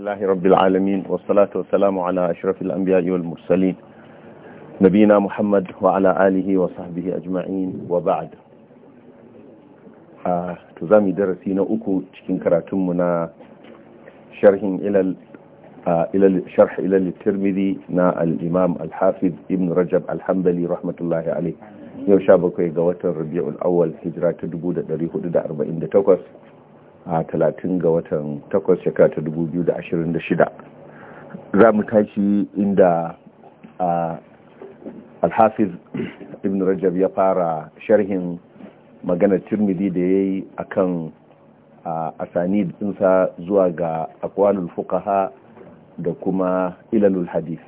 الله رب العالمين والصلاة والسلام على أشرف الأنبياء والمرسلين نبينا محمد وعلى آله وصحبه أجمعين وبعد تزامي درسينا أكو تكين كراتمنا شرح إلى إلى شرح إلى الترمذي نا الإمام الحافظ ابن رجب الحنبلي رحمة الله عليه يوشابك يقوة الربيع الأول هجرات دبودة دريه دا دا أربعين توقف a 30 ga watan 8 shekara ta 2026 za mu tashi inda alhafiz ibn rajab ya fara sharhin magana tirmidhi da ya yi a kan asanid ɗinsa zuwa ga akwanul fukaha da kuma ilalul hadith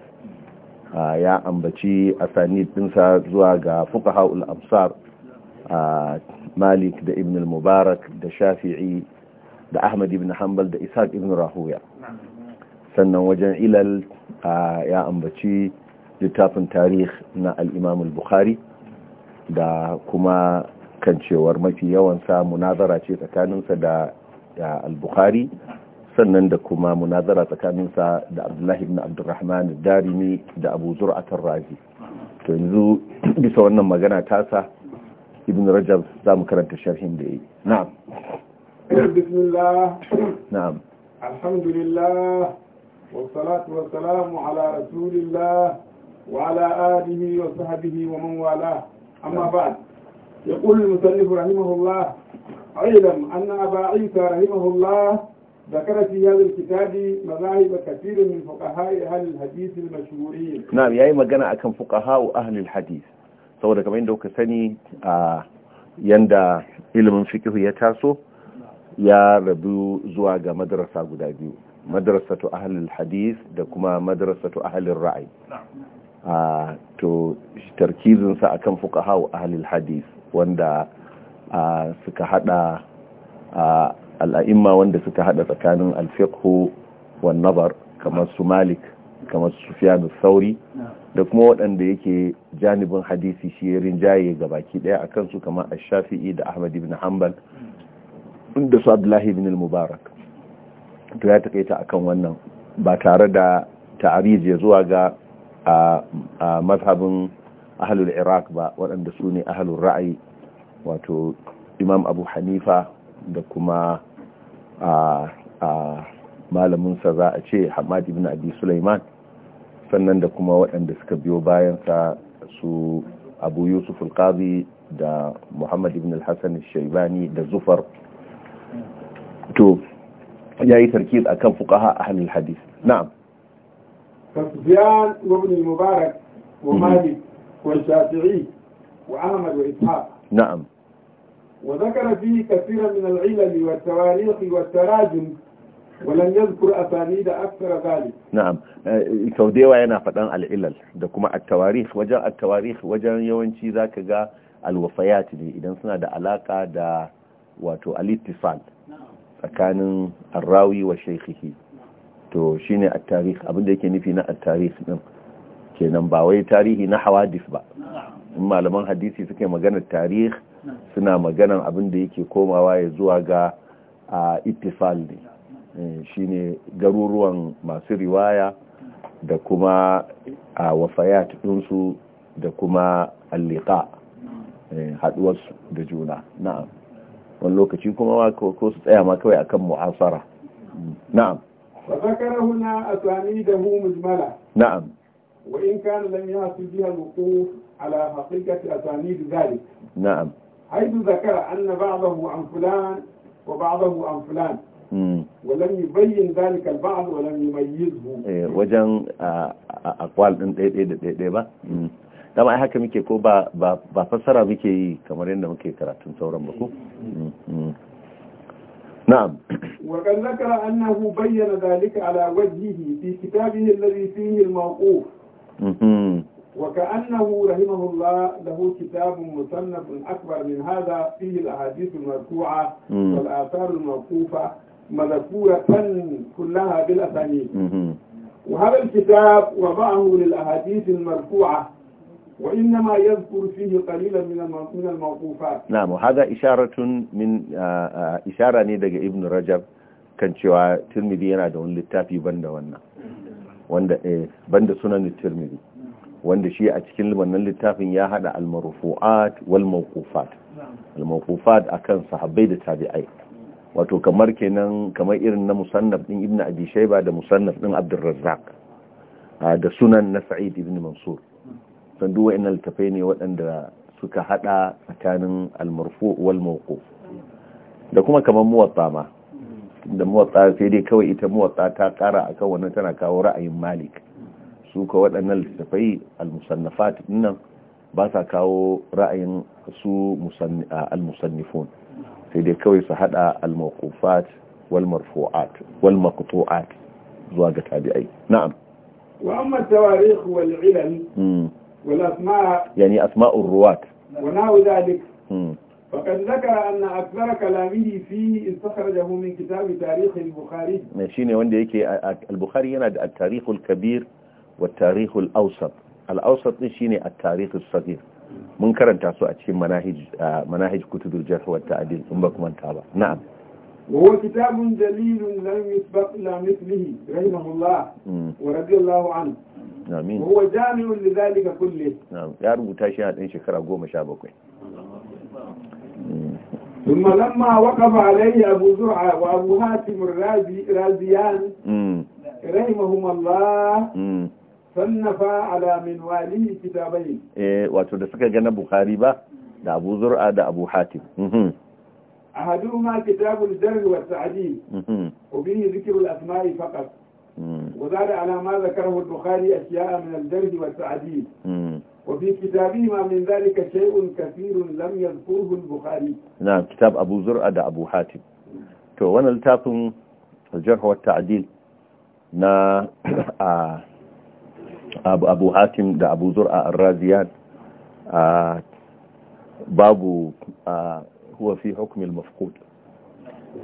ya ambaci asani dinsa zuwa ga fukaha ul amsar malik da ibn al-mubarak da shafi'i da ahmad ibn hanbal da isaac ibn rahuya sannan wajen ilal ya ambaci littafin tarih na al'imam al-bukhari da kuma kancewar cewar mafi yawansa munazara ce tsakaninsa da al-bukhari sannan da kuma munazara tsakaninsa da abdullahi ibn abdurrahman darimi da abu zur'atar razi to yanzu bisa wannan magana tasa ibn rajab za mu karanta sharhin da yi na'am بسم الله نعم الحمد لله والصلاة والسلام على رسول الله وعلى آله وصحبه ومن والاه أما بعد يقول المصنف رحمه الله علم أن أبا عيسى رحمه الله ذكر في هذا الكتاب مذاهب كثير من فقهاء أهل الحديث المشهورين نعم يا إما جنا أكن فقهاء أهل الحديث saboda kamar yadda kuka sani a yanda ilimin fikihu ya taso ya rabu zuwa ga madarasa guda biyu madrasatu ahlul hadith da kuma ah, to ahlul ra'ayi a to tarkizinsa akan fuqaha ahlul hadith wanda ah, suka hada ah, al'a'imma wanda suka hada tsakanin alfiqhu wan nazar kamar su malik kamar su sufyan sauri da kuma waɗanda yake janibin hadisi shi rinjaye ga baki ɗaya a kansu kamar ash-shafi'i da ahmad ibn hanbal hmm. da su abdullahi bin al-mubarak to ya takaita akan wannan ba tare da ta'arij ya zuwa ga a mazhabin ahlul iraq ba waɗanda su ne ahlul ra'ayi wato imam abu hanifa da kuma a malaminsa za a ce hamad ibn abi sulaiman sannan da kuma waɗanda suka biyo bayan sa su abu yusuf al da muhammad ibn al-hassan shaibani da zufar to ya yi sarki a kan fukaha a hannun hadis na'am نعم وذكر فيه كثيرا من العلل والتواريخ والتراجم ولم يذكر أسانيد أكثر ذلك نعم سوديوة هنا فتان العلل دكما التواريخ وجاء التواريخ وجاء يوانشي ذاك الوفيات دي إذن سنة دا علاقة دا wato alittifal tsakanin arrawi wa shaykhihi to shine a tarihi abinda yake nufi na a tarihi din kenan ba wai tarihi na hawadis ba in malaman hadisi suke magana tarihi suna maganar abinda yake komawa ya zuwa ga ittifal ne eh, shine garuruwan masu riwaya da kuma a wafayat ɗinsu da kuma alliƙa eh, haɗuwarsu da juna na'am wani lokaci kuma ko su tsaya ma kawai akan mu'asara na'am fa zakara huna atani da hu mujmala na'am wa in kan lam yasu biha alwuquf ala haqiqati da dhalik na'am haydu zakara anna ba'dahu an fulan wa ba'dahu an fulan hmm. wa يبين ذلك البعض ولم يميزه وجن اقوال ديدي ديدي ba. Hmm. dama ai haka muke ko ba ba fassara muke yi kamar yadda muke karatun sauran ba ko mm-hmm. na'am wa kan zakara annahu bayyana dalika ala wajhihi fi kitabihi alladhi fihi al-mawqu mm-hmm. wa ka annahu rahimahullah lahu kitabun musannafun akbar min hadha fihi al-ahadith al-marfu'a mm. wal athar al-mawqufa مذكورة كلها بالأسانيد وهذا الكتاب وضعه للأحاديث المرفوعة وإنما يذكر فيه قليلا من من الموقوفات نعم هذا إشارة من إشارة نيدا ابن رجب كان شوى ترمذي أنا دون للتافي بند وانا wanda بند سنن الترمذي wanda شيء أتكلم cikin wannan littafin ya hada al-marfu'at wal mawqufat al wato kamar kenan kamar irin na musannaf din ibnu abi shayba da musannaf din abdurrazzaq da sunan na sa'id ibn mansur don duwa wa'annan littafai ne waɗanda suka haɗa tsakanin almarfu wal da kuma kamar muwatta ma da muwatta sai dai kawai ita muwatta ta kara akan wannan tana kawo ra'ayin malik su ka waɗannan littafai almusannafat dinnan ba sa kawo ra'ayin su almusannifun sai dai kawai su haɗa almawqufat wal marfu'at wal maqtu'at zuwa ga tabi'ai na'am wa amma tawarikh wal ilal hmm. يعني أسماء الرواة ونحو ذلك فقد ذكر أن أكثر كلامه فيه استخرجه من كتاب تاريخ البخاري شيني وندي يكي البخاري ينادى التاريخ الكبير والتاريخ الأوسط الأوسط شيني التاريخ الصغير mun karanta su a cikin manahij manahij kutubul jarh wa ta'dil in ba kuma ta ba na'am وهو كتاب جليل لم يسبق إلى مثله رحمه الله ورضي الله عنه amin wa jami'un li zalika kulli na'am ya rubuta shi a ɗan shekara 17 ثم لما وقف عليه أبو abu وأبو هاتم الرازي رازيان رحمهما الله sannafa ala min walihi kitabain eh wato da suka ga na bukhari ba da abu zur'a da abu hatim mm-hmm. ahaduhuma kitabul jarh wa ta'dil mm-hmm. wa bihi dhikru al-asma'i faqat Mm. وزاد على ما ذكره البخاري أشياء من الجرح والتعديل mm. وفي كتابه ما من ذلك شيء كثير لم يذكره البخاري نعم كتاب أبو زرعة أبو حاتم to wannan littafin aljarh wa ta'dil na abu hatim da abu zur'a ar-raziyan babu huwa fi hukm al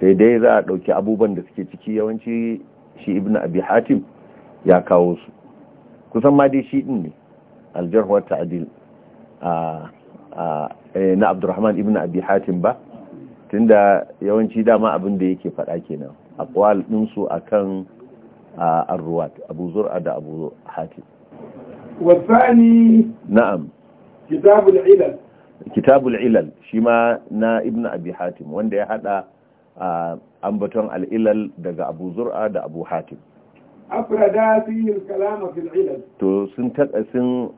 sai dai za a ɗauki abubuwan da suke ciki yawanci shi ibn abi hatim ya kawo su kusan ma dai shi din ne aljarh wa ta'dil na abdurrahman ibn abi hatim ba tunda yawanci dama abin da yake faɗa kenan aqwal din su akan ar-ruwat abu zur'a da abu hatim na'am kitabul ilal kitabul ilal shi ma na ibn abi hatim wanda ya hada ambaton al'ilal daga abu zur'a da abu hatim afrada sun yi kalama fil to sun taka sun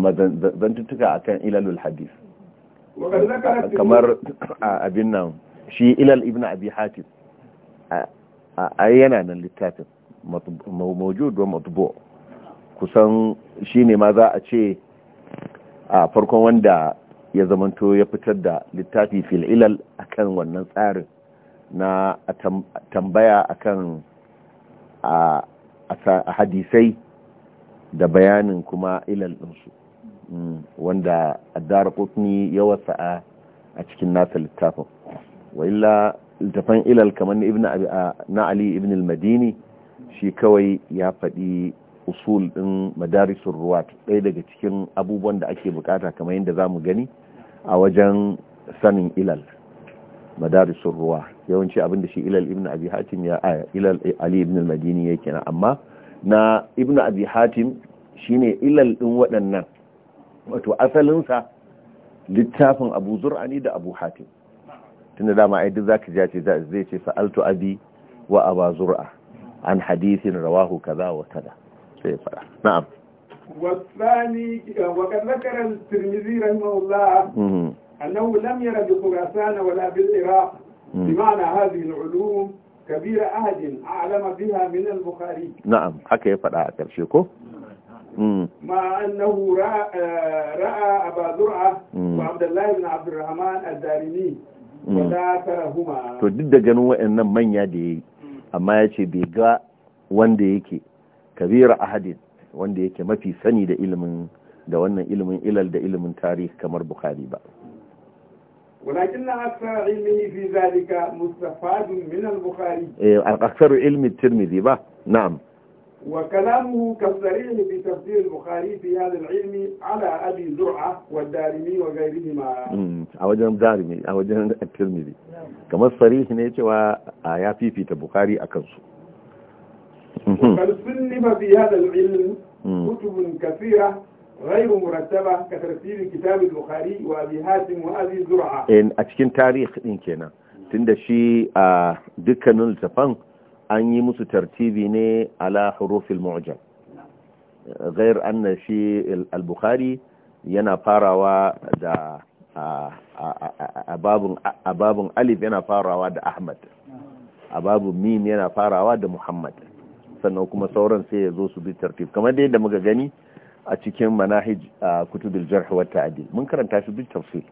mazantattuka a kan ilalul hadis kamar abin nan shi ilal ibn abi hatim a yana nan littafin mawujo wa matubo. kusan ne ma za a ce a farkon wanda ya zamanto ya fitar da littafi fil ilal kan wannan tsarin na tambaya akan a hadisai da bayanin kuma ilal ɗinsu mm, wanda addar kutni ya wasa a cikin nasa littafin wa illa ilal kamar na ali ibn al-madini shi kawai ya faɗi usul ɗin madarisun ruwat ɗaya daga cikin abubuwan da ake bukata kamar yadda zamu gani a wajen sanin ilal madarisun ruwa yawanci abinda shi ilal ibn abi hatim ya aya ilal ali ibn madini yake na amma na ibn abi hatim shine ilal din waɗannan wato asalinsa littafin abu zur'ani da abu hatim tunda dama ai duk zaka ji ce zai ce sa'altu abi wa aba zur'a an hadisin rawahu kaza wa kaza sai fara na'am والثاني وقد ذكر الترمذي رحمه الله أنه لم ير بخراسان ولا بالعراق بمعنى هذه العلوم كبير أهد أعلم بها من البخاري نعم حكى فلا أكرشيكو مع أنه رأى, رأى أبا زرعة وعبد الله بن عبد الرحمن الدارمي وذاكرهما to duk da ganin waɗannan manya da yayi amma yace bai ga wanda yake kabira ahadin wanda yake mafi sani da ilimin da wannan ilimin ilal da ilimin tarihi kamar bukhari ba ولكن أكثر علمه في ذلك مستفاد من البخاري أكثر علم الترمذي با نعم وكلامه كالصريح في تفسير البخاري في هذا العلم على أبي زرعة والدارمي وغيرهما أوجه الدارمي أوجه الترمذي كما الصريح نيتوا آياتي في البخاري su. وقد صنف في هذا العلم كتب كثيرة غير مرتبة كترتيب كتاب البخاري وأبي هاتم وأبي زرعة إن أتكين تاريخ إن كنا tunda shi a dukkanin littafan an yi musu tartibi ne ala hurufil mu'jam ghair anna yana farawa da a babun alif yana farawa da ahmad a babun mim yana farawa da muhammad sannan kuma sauran sai ya zo su bi tartib kamar dai da muka gani a cikin manahij a kutubul jarh wa ta'dil mun karanta shi bi tafsil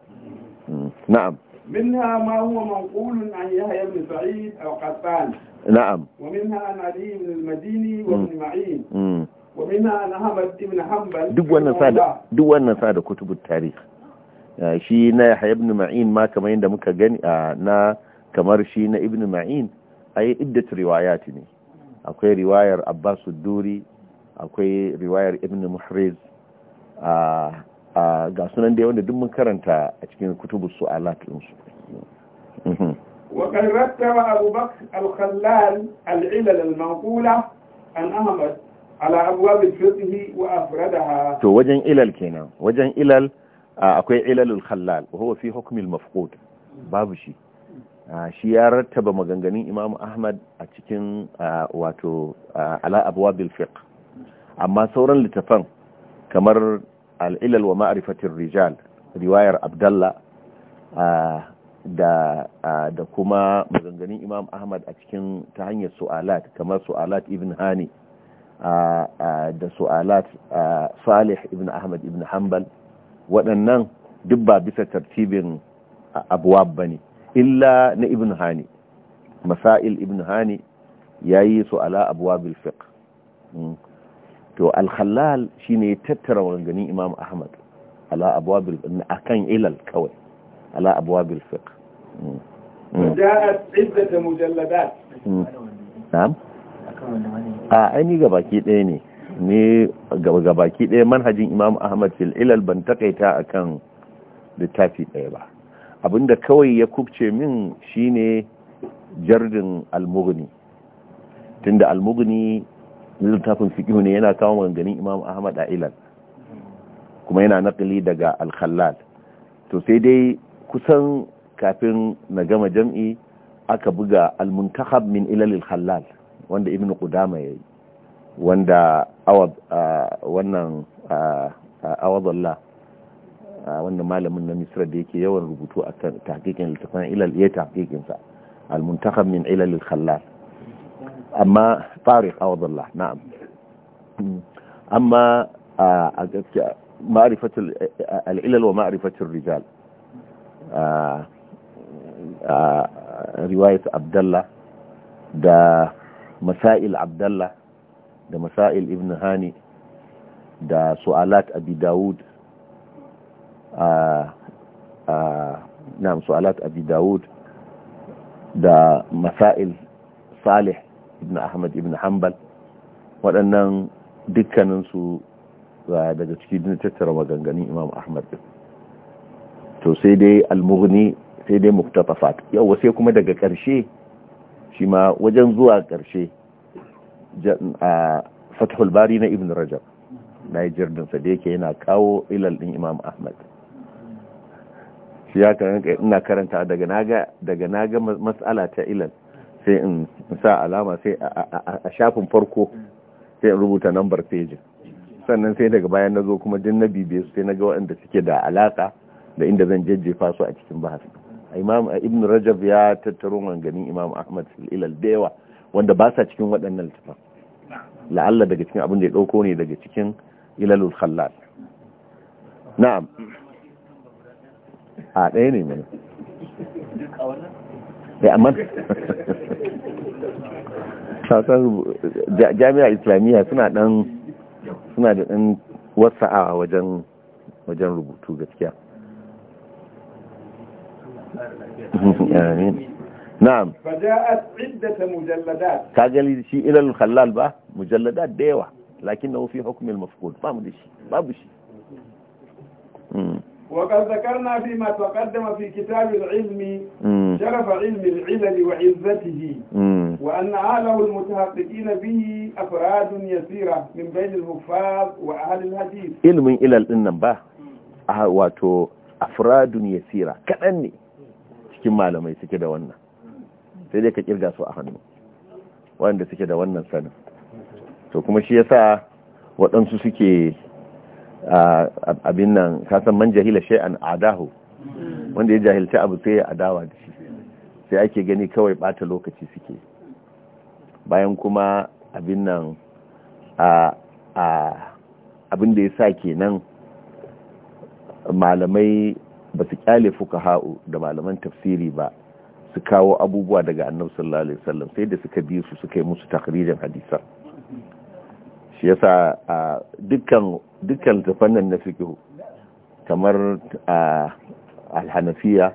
hmm. na'am minha ma huwa an yahya ibn sa'id aw qattan na'am wa minha an ali ibn al-madini wa ibn hmm. ma'in hmm. wa minha an ahmad ibn hanbal duk wannan sa da duk wannan sa da kutubul tarikh shi na Yahya ibn Ma'in ma kamar yadda muka gani na kamar shi na ibn Ma'in ai iddat riwayat ne akwai riwayar abbas duri akwai riwayar ibn muhriz a ah, ah, ga sunan da wanda duk mun karanta a cikin kutubu su su mhm. wa kan rattaba abu bakr al-khallal al-ilal al-manqula an ahmad ala abwab al-fiqh wa afradaha to wajen ilal kenan wajen ilal ah, akwai ilal al ko wa fi hukm al babu shi shi ya rattaba maganganun imamu ahmad a cikin wato ala abuwa bilfiq amma sauran littafan kamar al'ilal wa ma'arifatin rijal riwayar abdallah da kuma maganganun imam ahmad a cikin ta hanyar su'alat kamar su'alat ibn hani da su'alat salih ibn ahmad ibn hanbal waɗannan duk ba bisa tartibin abuwa ba ne illa na ibn hani masail ibn hani ya yi su ala abuwa bilfiq hmm. to alhalal shi ne tattara wangani imam ahmad ala abuwa bilfiq a kan ilal kawai ala abuwa hmm. hmm. da. a aini gabaki daya ne ne gabaki daya manhajin imam ahmad fil ilal ban takaita akan littafi daya ba abinda kawai ya kubce min shine jardin almugni tunda almugni littafin fiqh ne yana kawo maganganun Imam Ahmad a Ilal kuma yana nakali daga al-Khallal to sai dai kusan kafin na gama jam'i aka buga al-Muntakhab min Ilal al-Khallal wanda Ibn Qudama yayi wanda awad wannan awadallah wannan malamin na misra da yake yawan rubutu a tahqiqin littafin ilal ya tahqiqin sa al-muntakhab min ilal al-khallal amma tariq awdullah na'am amma a gaskiya ma'rifatul al-ilal wa ma'rifatul rijal riwayat abdallah da masail abdallah da masail ibn hani da su'alat abi dawud na su'alat abi dawud da masail salih ibn ahmad ibn hanbal waɗannan dukkaninsu daga ciki dina tattara maganganun imam ahmad din to sai dai almughni sai dai muktafafat yawa sai kuma daga ƙarshe shi ma wajen zuwa ƙarshe a fathul bari na ibn rajab na yi jirginsa da yake yana kawo ilal ɗin imam ahmad ya karanta ina karanta daga naga daga naga matsala ta ilal sai in sa alama sai a shafin farko sai in rubuta nambar page sannan sai daga bayan na zo kuma din na bibiye su sai na waɗanda suke da alaka da inda zan jajjefa su a cikin bahas imam ibn rajab ya tattaro manganin imam ahmad ilal da yawa wanda ba sa cikin waɗannan littafan la'alla daga cikin abin da ya ɗauko ne daga cikin ilalul khallal na'am a ɗaya ne mana ya eh, amma sassan jami'a islamiyya suna ɗan suna da ɗan wasa'a wajen wajen rubutu gaskiya na'am ka gani shi ilal halal ba mujallada da yawa lakin na fi hukumin mafukul ba mu da shi babu shi hmm. وقد ذكرنا فيما تقدم في كتاب العلم شرف علم العلل وعزته وأن أهله المتحققين به أفراد يسيرة من بين الحفاظ وأهل الحديث علم إلى الإنباء واتو أفراد يسيرة كأني cikin malamai suke da wannan sai dai ka kirga su a hannu wanda suke da wannan sanin to kuma shi yasa waɗansu suke abin nan kasan man jahila shay'an adahu wanda ya jahilci abu sai ya adawa da shi sai ake gani kawai bata lokaci suke bayan kuma abin nan abin da ya sa kenan malamai ba su kyale fuka fukaha'u da malaman tafsiri ba su kawo abubuwa daga annabi sallallahu alaihi wasallam sai da suka bi su suka yi musu takririn hadisan shi yasa a dukkan dukkan tafannan na fiqh kamar a alhanafiya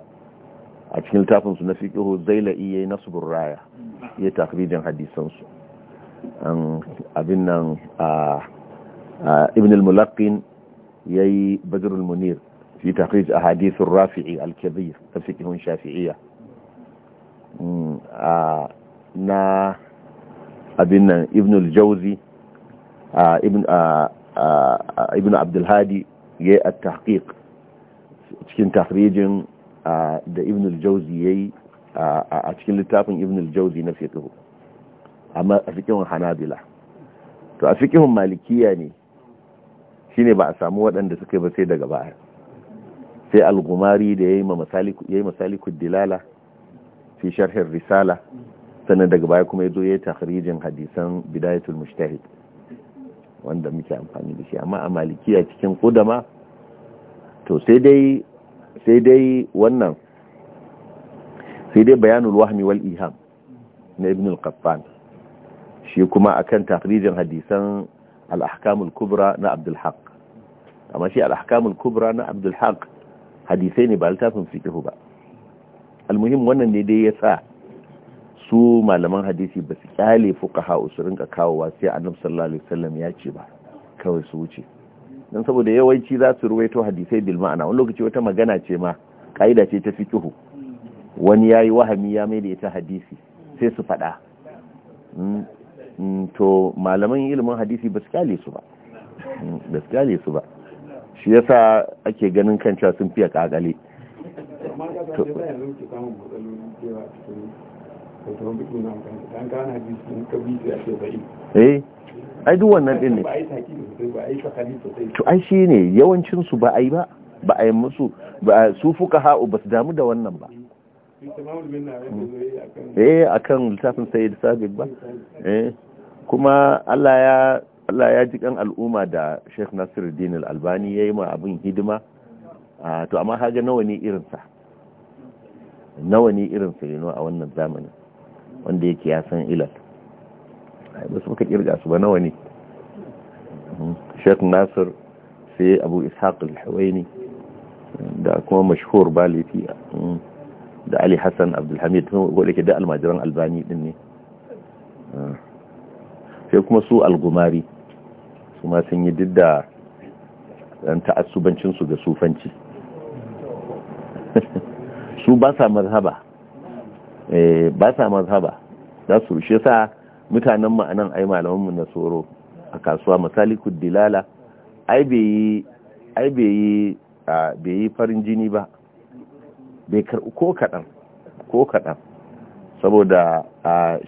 a cikin littafin su na fiqh zaila iya nasbur raya ya takrijin hadisan su abin nan a ibn al-mulaqqin yayi badr al-munir في تخريج أحاديث الرافعي الكبير فقه الشافعية نا أبن ابن الجوزي ibn abdulhadi ya yi a tahqiq cikin tahrijin da ibn al ya yi a cikin littafin ibn al na fiqhu amma a fiqhun hanabila to a cikin malikiya ne shine ba a samu waɗanda suka yi ba sai daga baya sai al-gumari da yayi masaliku yayi masaliku dilala fi sharhin risala sannan daga baya kuma yazo yayi tahrijin hadisan bidayatul mujtahid wanda muke amfani da shi amma a malikiya cikin kudama to sai dai sai dai wannan sai dai bayanul wahmi wal iham na ibn al-qaffan shi kuma akan takrijin hadisan al-ahkamul kubra na abdul haq amma shi al-ahkamul kubra na abdul haq hadisai ne ba littafin fiqh ba al-muhim wannan ne dai yasa su malaman hadisi ba su kyale fuka fuqaha su rinka kawowa sai annabi sallallahu alaihi wasallam ya ce ba kawai su wuce dan saboda yawanci za su ruwaito hadisai bil ma'ana wani lokaci wata magana ce ma kaida ce ta fiqhu wani yayi wahami ya mai da ita hadisi sai su fada mm, mm, to malaman ilimin hadisi ba su kyale su ba mm, ba su kyale su ba shi yasa ake ganin kan cewa sun fiye kakale eh ai duk wannan din ne to ai shi ne yawancin su ba ai ba ba a yi musu ba su fuka ha'u ba su damu da wannan ba eh akan littafin sayyid sabit ba eh kuma Allah ya Allah ya ji kan al'umma da Sheikh Nasiruddin Al-Albani yayi ma abin hidima to amma haga nawa ne irin sa nawa ne irin sa a wannan zamanin wanda yake ya san ilal ba su muka kirga su ba nawa ne sheikh nasir sai abu ishaq al-hawaini da kuma mashhur balifi da ali hassan abdulhamid wadda ke da almajiran albani din ne sai kuma su Al-Gumari. su ma sun yi didda dan ta'assubancinsu ga sufanci su ba sa mazhaba Eh, ba sa mazhaba za su rushe sa mutanen ma'anan ai malaman mu na tsoro a kasuwa misali dilala ai bai yi bai yi farin jini ba bai kar ko kaɗan ko kaɗan saboda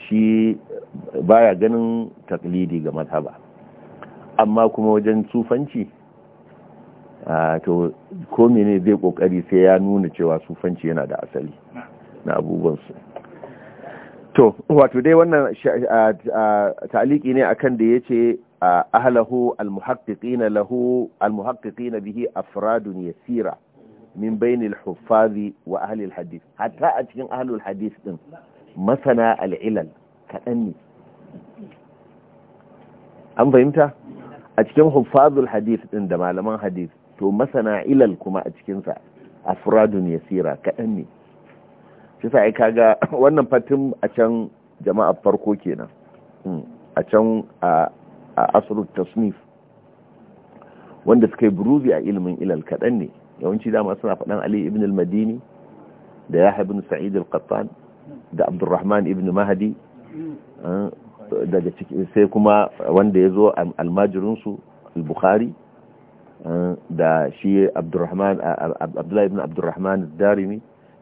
shi baya ganin taklidi ga mazhaba amma kuma wajen sufanci to ko ne zai kokari sai ya nuna cewa sufanci yana da asali na abubuwansu to wato dai wannan taliki ne akan da yace ahlahu almuhaqqiqina lahu almuhaqqiqina bihi afradun yasira min bain huffazi wa ahli alhadith hatta a cikin ahli alhadith din masana al'ilal kadan ne an fahimta a cikin huffazul hadith din da malaman hadith to masana ilal kuma a sa afradun yasira kadan ne shi sa aika ga wannan fatin a can jama'a farko kenan hmm. a can a asrut tasnif wanda suka yi buruzi a ilimin ilal kaɗan ne yawanci dama suna faɗan ali ibn al-madini da yahya ibn sa'id al-qattan da abdurrahman ibn mahdi hmm, daga cikin sai kuma wanda ya zo almajirinsu al-bukhari hmm, da shi abdullahi ibn abdurrahman darimi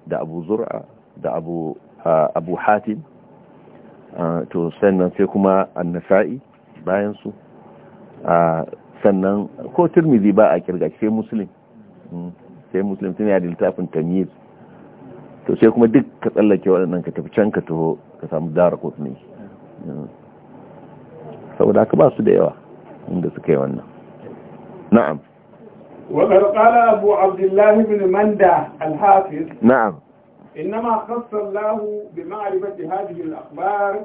da abu zur'a da abu abu hatim to sannan sai kuma annasa'i bayan su sannan ko turmizi ba a kirga sai musulun mm, sai musulun sun yadda littafin tamir to sai kuma duk ka tsallake waɗannan ka tafi can ka taho ka samu dara kotuni mm. saboda haka ba su da yawa inda suka yi wannan na'am wa ƙarƙala abu abdullahi bin manda alhafi na'am إنما خص الله بمعرفة هذه الأخبار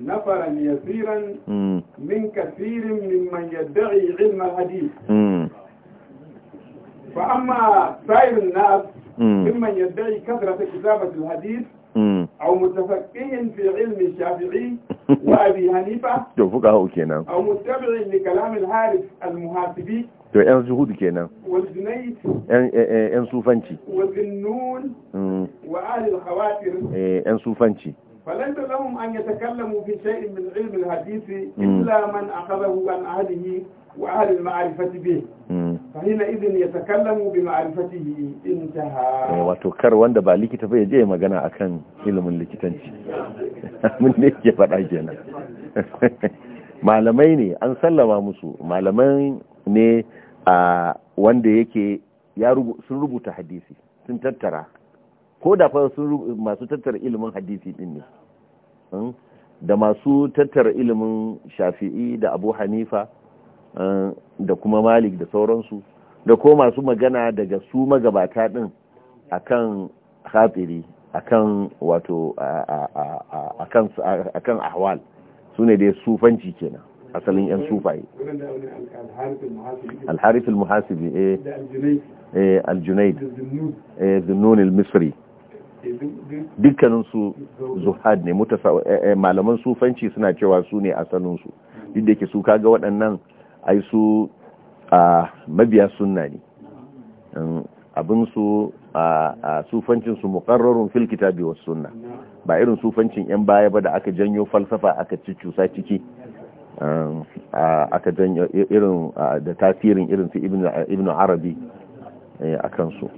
نفرا يسيرا من كثير ممن يدعي علم الحديث فأما سائر الناس ممن يدعي كثرة كتابة الحديث أو متفقه في علم الشافعي وابي حنيفه to fuka hau kenan aw muttabi'in li kalam al al-muhasibi to yan zuhud kenan wal junayd yan yan sufanci wa zinnun mm. wa ahli al-khawatir eh yan sufanci فليس لهم أن يتكلموا في شيء من علم الحديث إلا من أخذه عن أهله وأهل المعرفة به فحينئذ يتكلم بمعرفته انتهى وتكر وند با likita bai je magana akan ilimin likitanci mun ne ke faɗa kenan malamai ne an sallama musu malamai ne a wanda yake ya sun rubuta hadisi sun tattara ko da fa sun masu tattara ilimin hadisi din ne da masu tattara ilimin shafi'i da abu hanifa Eh, da kuma malik da sauransu da ko masu magana daga su magabata din akan hatsiri akan wato kan ahwal su ne dai sufanci kenan asalin yan sufaye alharif al-muhasibi eh al-junaid eh, eh al-misri dukkanin su zuhad ne eh, malaman sufanci suna cewa su ne asalin su duk da ke su kaga waɗannan ai su a mabiya sunna ne abin su a sufancin su filkita filkita kitabi sunna ba irin sufancin yan baya ba da aka janyo falsafa aka cusa ciki aka janyo irin da tasirin irin su ibnu arabi eh, a kansu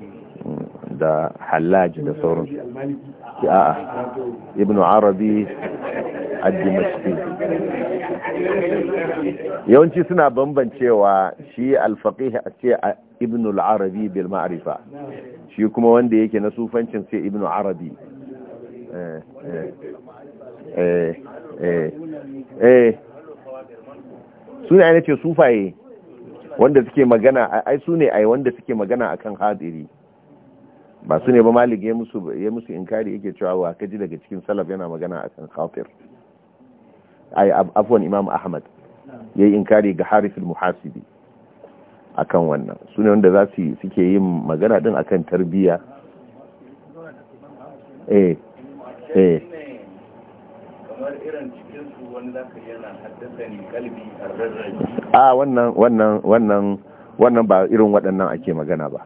da halaji da sauran ki a'a ibnu arabi ad-dimashqi yawanci suna bambancewa shi al-faqih ce ibnu al-arabi bil ma'rifa shi kuma wanda yake na sufancin sai ibnu arabi eh eh eh eh suna ne ce sufaye wanda suke magana ai su ne ai wanda suke magana akan hadiri ba su ne ba malik ya musu ya musu inkari yake cewa wa kaji daga cikin salaf yana magana akan khatir ai afwan imam ahmad yayi inkari ga harith al-muhasibi akan wannan su ne wanda za su suke yin magana din akan tarbiya eh eh kamar irin cikin su wani zaka yana ni kalbi a ah, wannan wannan wannan wannan ba irin waɗannan ake magana ba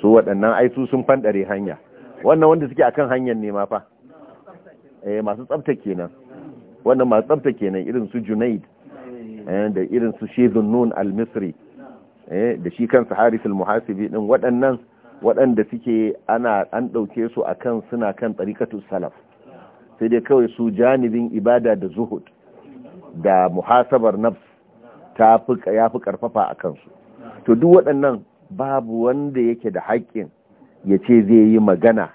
su waɗannan ai sun fanɗare hanya wannan wanda suke akan hanyar ne fa eh masu tsafta kenan wannan masu tsafta kenan irin su Junaid eh, da irin su Shezun Nun al-Misri eh, da shi kansa Haris muhasibi din waɗannan waɗanda suke ana an ɗauke su akan suna kan tsarikatu salaf sai dai kawai su janibin ibada da zuhud da muhasabar nafs ta fi ya fi karfafa a kansu to duk waɗannan babu wanda yake da haƙƙin ya ce zai yi magana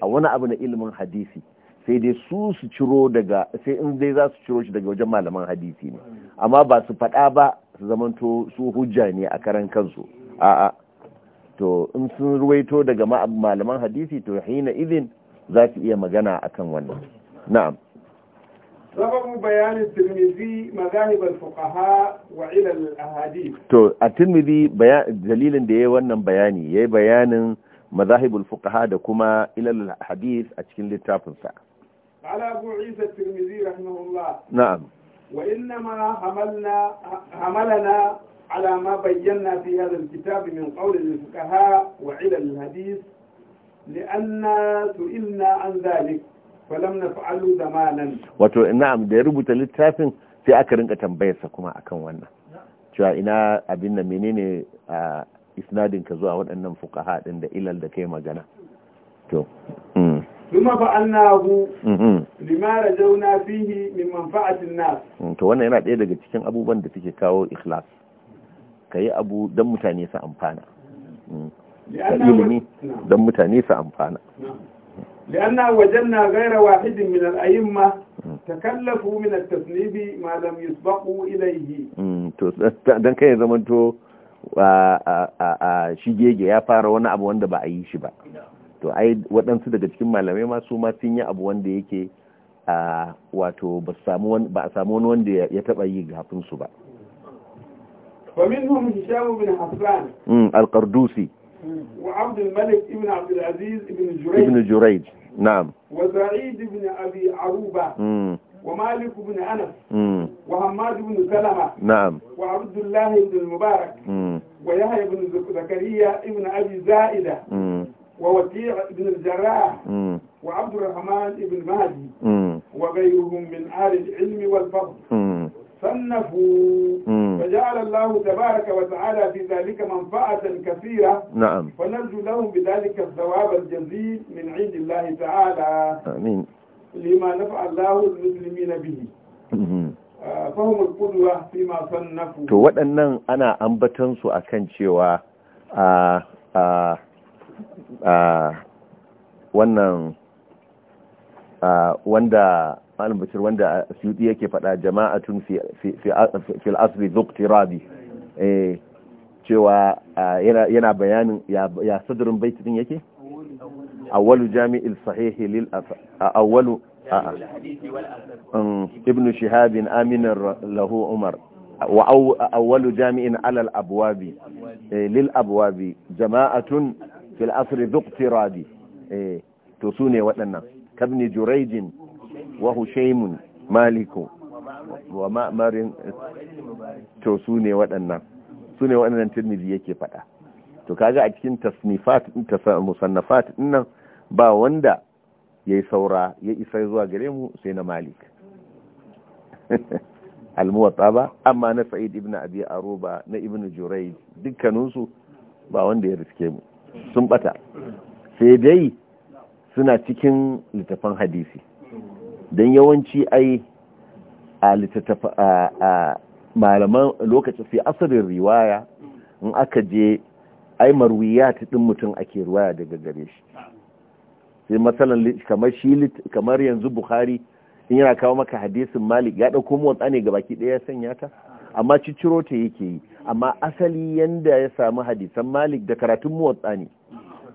a wani abu na ilimin hadisi sai dai su su ciro daga sai in dai za su ciro shi daga wajen malaman hadisi ne amma ba su faɗa ba su zamanto su hujja ne a karan kansu a'a to in sun ruwaito daga malaman hadisi to hina idin za su iya magana akan wannan na'am Sababu bayanin tirmidhi mazahib al-fuqaha wa ila al-ahadith to a tirmidhi dalilin da yayi wannan bayani yayi bayanin mazahib al-fuqaha da kuma ila al-hadith a cikin littafin sa ala abu isa tirmidhi rahimahullah na'am wa inna ma hamalna hamalana ala ma bayyana fi hadha al-kitab min qawli al-fuqaha wa ila al-hadith wato na'am da ya rubuta littafin sai aka rinka tambayarsa kuma akan wannan cewa ina abin mene menene a isnadin ka zuwa waɗannan fuqaha din da ilal da kai magana to kuma mm. fa'alnahu mm-hmm. limara zauna fihi min manfa'atin nas mm, to wannan yana ɗaya daga cikin abubuwan da suke kawo ikhlas kayi abu dan mutane su amfana mm. ilimi dan mutane su amfana لأن وجدنا غير واحد من الأئمة تكلفوا من التصنيف ما لم يسبقوا إليه dan kai zaman to shi يا فارو fara أبو abu wanda شبا to ai waɗansu daga cikin malamai ma su ma sun yi abu wanda yake a wato ba a samu wani wanda ya taɓa yi kafin su ba ومنهم هشام بن Al-Qardusi. وعبد الملك ابن عبد العزيز ابن جريج ابن جريج نعم وسعيد بن أبي عروبة ومالك بن أنس وحماد بن سلمة نعم وعبد الله بن المبارك ويحيى بن زكريا ابن أبي زائدة ووكيع بن الجراح وعبد الرحمن بن مهدي وغيرهم من أهل العلم والفضل صنفوا فجعل الله تبارك وتعالى في ذلك منفعة كثيرة نعم فنرجو لهم بذلك الثواب الجزيل من عند الله تعالى آمين لما نفع الله المسلمين به فهم القدوة فيما صنفوا to waɗannan أنا ambaton su akan cewa a a a wannan wanda malam bashir wanda suɗi yake faɗa jama'atun fil asri zuktirabi eh, cewa yana bayanin ya sadarin baiti din yake awalu jami'il sahihi lil awwalu mm, ibn shihabin aminar lahu umar وأول abuwabi على الأبواب للأبواب جماعة filasri الأصل to su ne waɗannan kabni jurejin wa hushaimun maliko, wa ma'amarin to su ne waɗannan su ne waɗannan tirmidhi yake faɗa to kaga a cikin tasnifat musannafat ba wanda yayi saura ya isa zuwa gare mu sai na malik al ba amma na sa'id ibn abi aruba na ibn jurai dukkanin su ba wanda ya riske mu sun bata sai dai suna cikin littafan hadisi don yawanci ai a littattafa a malaman lokacin fi asirin riwaya in aka je ai ta ɗin mutum ake riwaya daga gare shi sai matsalan kamar shi kamar yanzu bukhari in yana kawo maka hadisin malik ya ɗauko motsa ne gabaki ɗaya ya sanya ta amma cicciro ta yake yi amma asali yanda ya samu hadisan malik da karatun motsa ne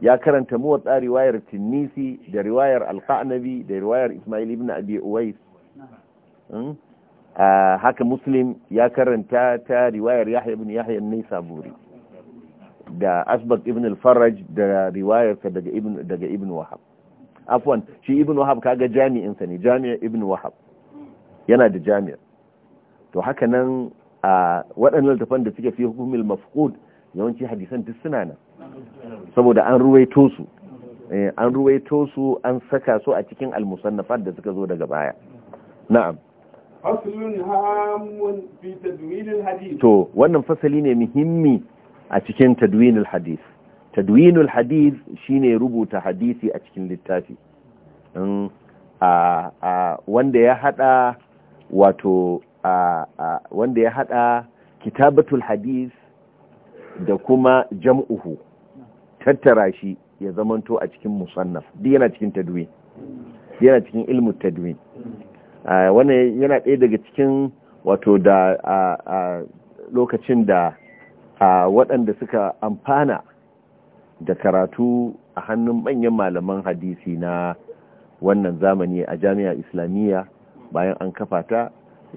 ya karanta muwatta riwayar Tinisi da riwayar al da riwayar Ismail ibn Abi Uwais hmm? haka Muslim ya karanta ta riwayar Yahya ibn Yahya an-Naisaburi da Asbaq ibn al-Faraj da riwayar sa daga Ibn Wahab afwan shi Ibn Wahab kaga jami'in sa ne jami'in Ibn Wahab yana da jami'a, to haka nan a waɗannan da suke fi hukumil mafqud yawanci hadisan duk suna nan saboda an ruwaito su eh, an ruwaito su an saka su a cikin almusannafar da suka zo daga baya na'am hamun fi hadith to wannan fasali ne muhimmi a cikin tadwinul hadith tadwinul hadith shine rubuta hadisi a cikin littafi wanda ya hada wato wanda ya hada kitabatul hadith da kuma jam'uhu tattara shi ya zamanto a cikin musannaf duk yana cikin tadwin yana cikin ilmu tadwin wannan yana ɗaya daga cikin wato da lokacin da waɗanda suka amfana da karatu a hannun manyan malaman hadisi na wannan zamani a jami'a islamiyya bayan an kafa ta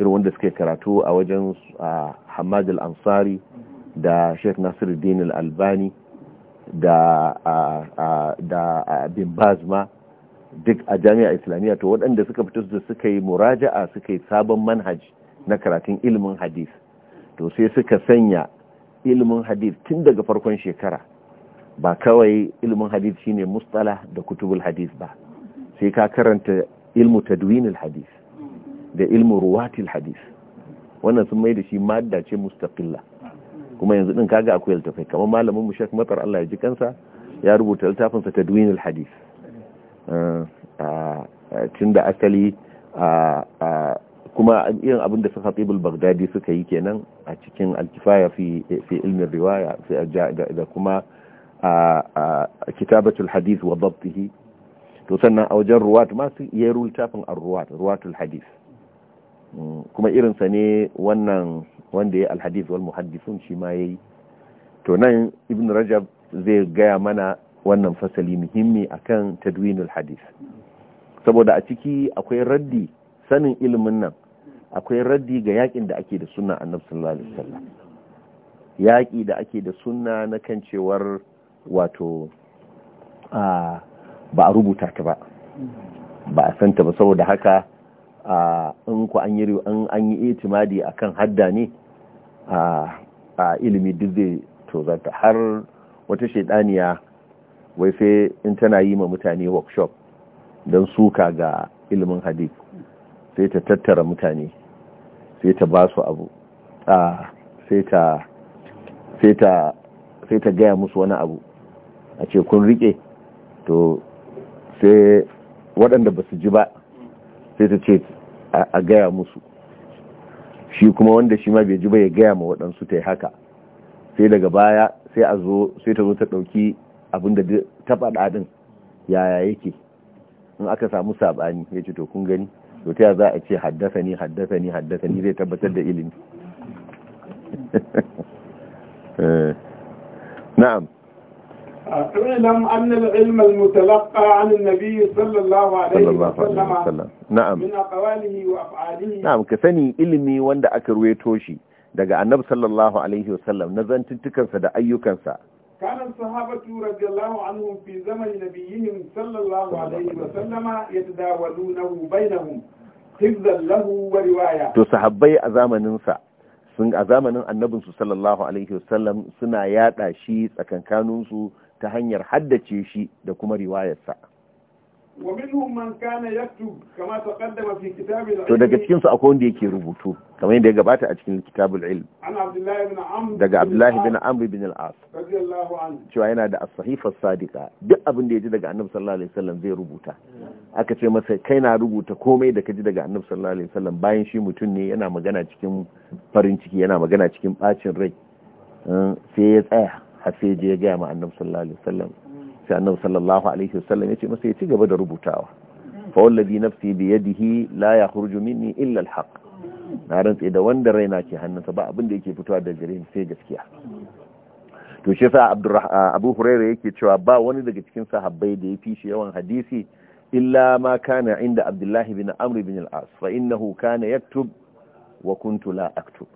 irin wanda suka karatu a wajen hamadul ansari da sheikh Nasiru al-albani da da bin bazma duk a jami'a islamiyya to waɗanda suka fito da suka yi muraja'a suka yi sabon manhaj na karatun ilimin hadis, to sai suka sanya ilimin hadis tun daga farkon shekara ba kawai ilimin hadis shine mustalah da kutubul hadis ba sai ka karanta ilmu tadwinul hadis da ilmu ruwatil hadis wannan sun mai da shi madda ce mustaqilla kuma yanzu din kaga akwai littafai kamar malamin mu Sheikh Matar Allah ya ji kansa ya rubuta littafin sa Tadwin al-Hadith ah, ah, tunda asali ah, kuma irin abin da su Khatib al-Baghdadi suka yi kenan a cikin al-kifaya fi fi ilmi riwaya da kuma kitabatul hadith wa dhabtihi to sannan a wajen ruwat ma su yi littafin ar-ruwat ruwatul hadith kuma irinsa ne wannan wanda ya yi wal muhaddisun shi ma yayi to nan ibn rajab zai gaya mana wannan fasali muhimmi akan tadwinul hadis saboda a ciki akwai raddi sanin ilimin nan akwai raddi ga yakin da ake da sunna annabi sallallahu alaihi wasallam yaki da ake da sunna na kan cewar wato ba a rubuta ta ba ba a santa ba saboda haka A in ku an yi an yi itimadi akan hadda ne a ilimi duk zai tozarta har wata shaidaniya wai sai in tana yi ma mutane workshop don suka ga ilimin hadith sai ta tattara mutane sai ta ba su abu sai ta gaya musu wani abu a ce kun rike to sai waɗanda ba su ji ba sai ta ce a gaya musu shi kuma wanda shi ma bai ji ba ya gaya ma waɗansu ta yi haka sai daga baya sai a zo sai ta zo ta ɗauki abin da ta faɗa ɗin yaya yake in aka samu saɓani ya ce to kun gani to ta za a ce haddasa ni haddasa ni haddasa ni zai tabbatar da ilimi eh. na'am اعلم ان العلم المتلقى عن النبي صلى الله عليه وسلم نعم من اقواله وافعاله نعم كثني علمي وند أكرويتو شي daga annabi sallallahu alaihi wasallam na zantuttukansa da ayyukansa kanan sahabatu radiyallahu anhum fi zamani nabiyihim sallallahu alaihi wasallama yatadawalunahu bainahum hifzan lahu wa riwaya to sahabbai a zamanin sa sun a zamanin annabinsu sallallahu alaihi wasallam suna yada shi tsakankaninsu ta hanyar haddace shi da kuma riwayarsa to daga cikinsu akwai wanda yake rubutu kamar yadda ya gabata a cikin kitabul ilm daga abdullahi bin amr bin al-as cewa yana da as-sahifa sadiqa duk abin da ya ji daga annabi sallallahu alaihi wasallam zai rubuta aka ce masa kai na rubuta komai da ka ji daga annabi sallallahu alaihi wasallam bayan shi mutum ne yana magana cikin farin ciki yana magana cikin bacin rai sai ya tsaya har je ya gaya ma annabi sallallahu alaihi wasallam sai annabi sallallahu alaihi wasallam ya ce masa ya ci gaba da rubutawa fa wallazi nafsi bi yadihi la yakhruju minni illa alhaq na rantsa da wanda raina ke hannunsa ba abin da yake fitowa da gare ni sai gaskiya to shi sa Abu Hurairah yake cewa ba wani daga cikin sahabbai da ya fi shi yawan hadisi illa ma kana inda Abdullahi bin Amr bin al-As fa innahu kana yaktub wa kuntu la aktub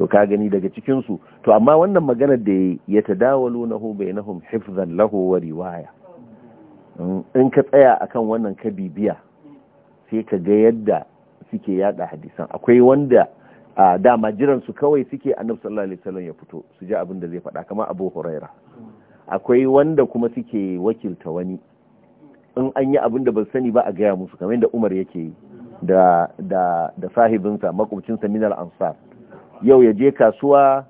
to ka gani daga cikin su to amma wannan maganar da ya ta tadawalu nahu bainahum hifzan lahu wa riwaya in ka tsaya akan wannan ka bibiya sai ka ga yadda suke yada hadisan akwai wanda a dama jiran su kawai suke annabi sallallahu alaihi wasallam ya fito su ji abin da zai faɗa kamar Abu Huraira akwai wanda kuma suke wakilta wani in an yi abin da ba sani ba a gaya musu kamar yadda Umar yake yi da da da sahibinsa makwabcinsa minal ansar yau ya je kasuwa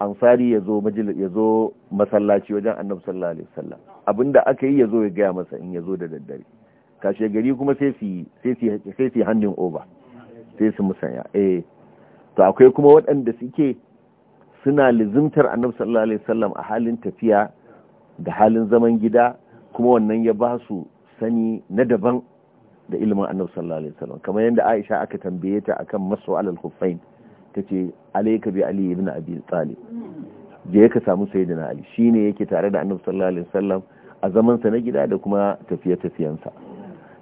ansari ya zo masallaci wajen annabi sallallahu alaihi wasallam abinda aka yi ya zo ya gaya masa in ya zo da daddare kashe gari kuma sai su sai handin over sai su musanya eh to akwai kuma waɗanda suke suna lizimtar annabi sallallahu alaihi wasallam a halin tafiya da halin zaman gida kuma wannan ya ba su sani na daban da ilimin annabi sallallahu alaihi wasallam kamar yadda Aisha aka tambaye ta akan maso alal khuffain ta ce alaika bi ali ibn abi talib je ka samu sayyidina ali shine yake tare da annabi sallallahu alaihi wasallam a zaman sa na gida da kuma tafiye sa.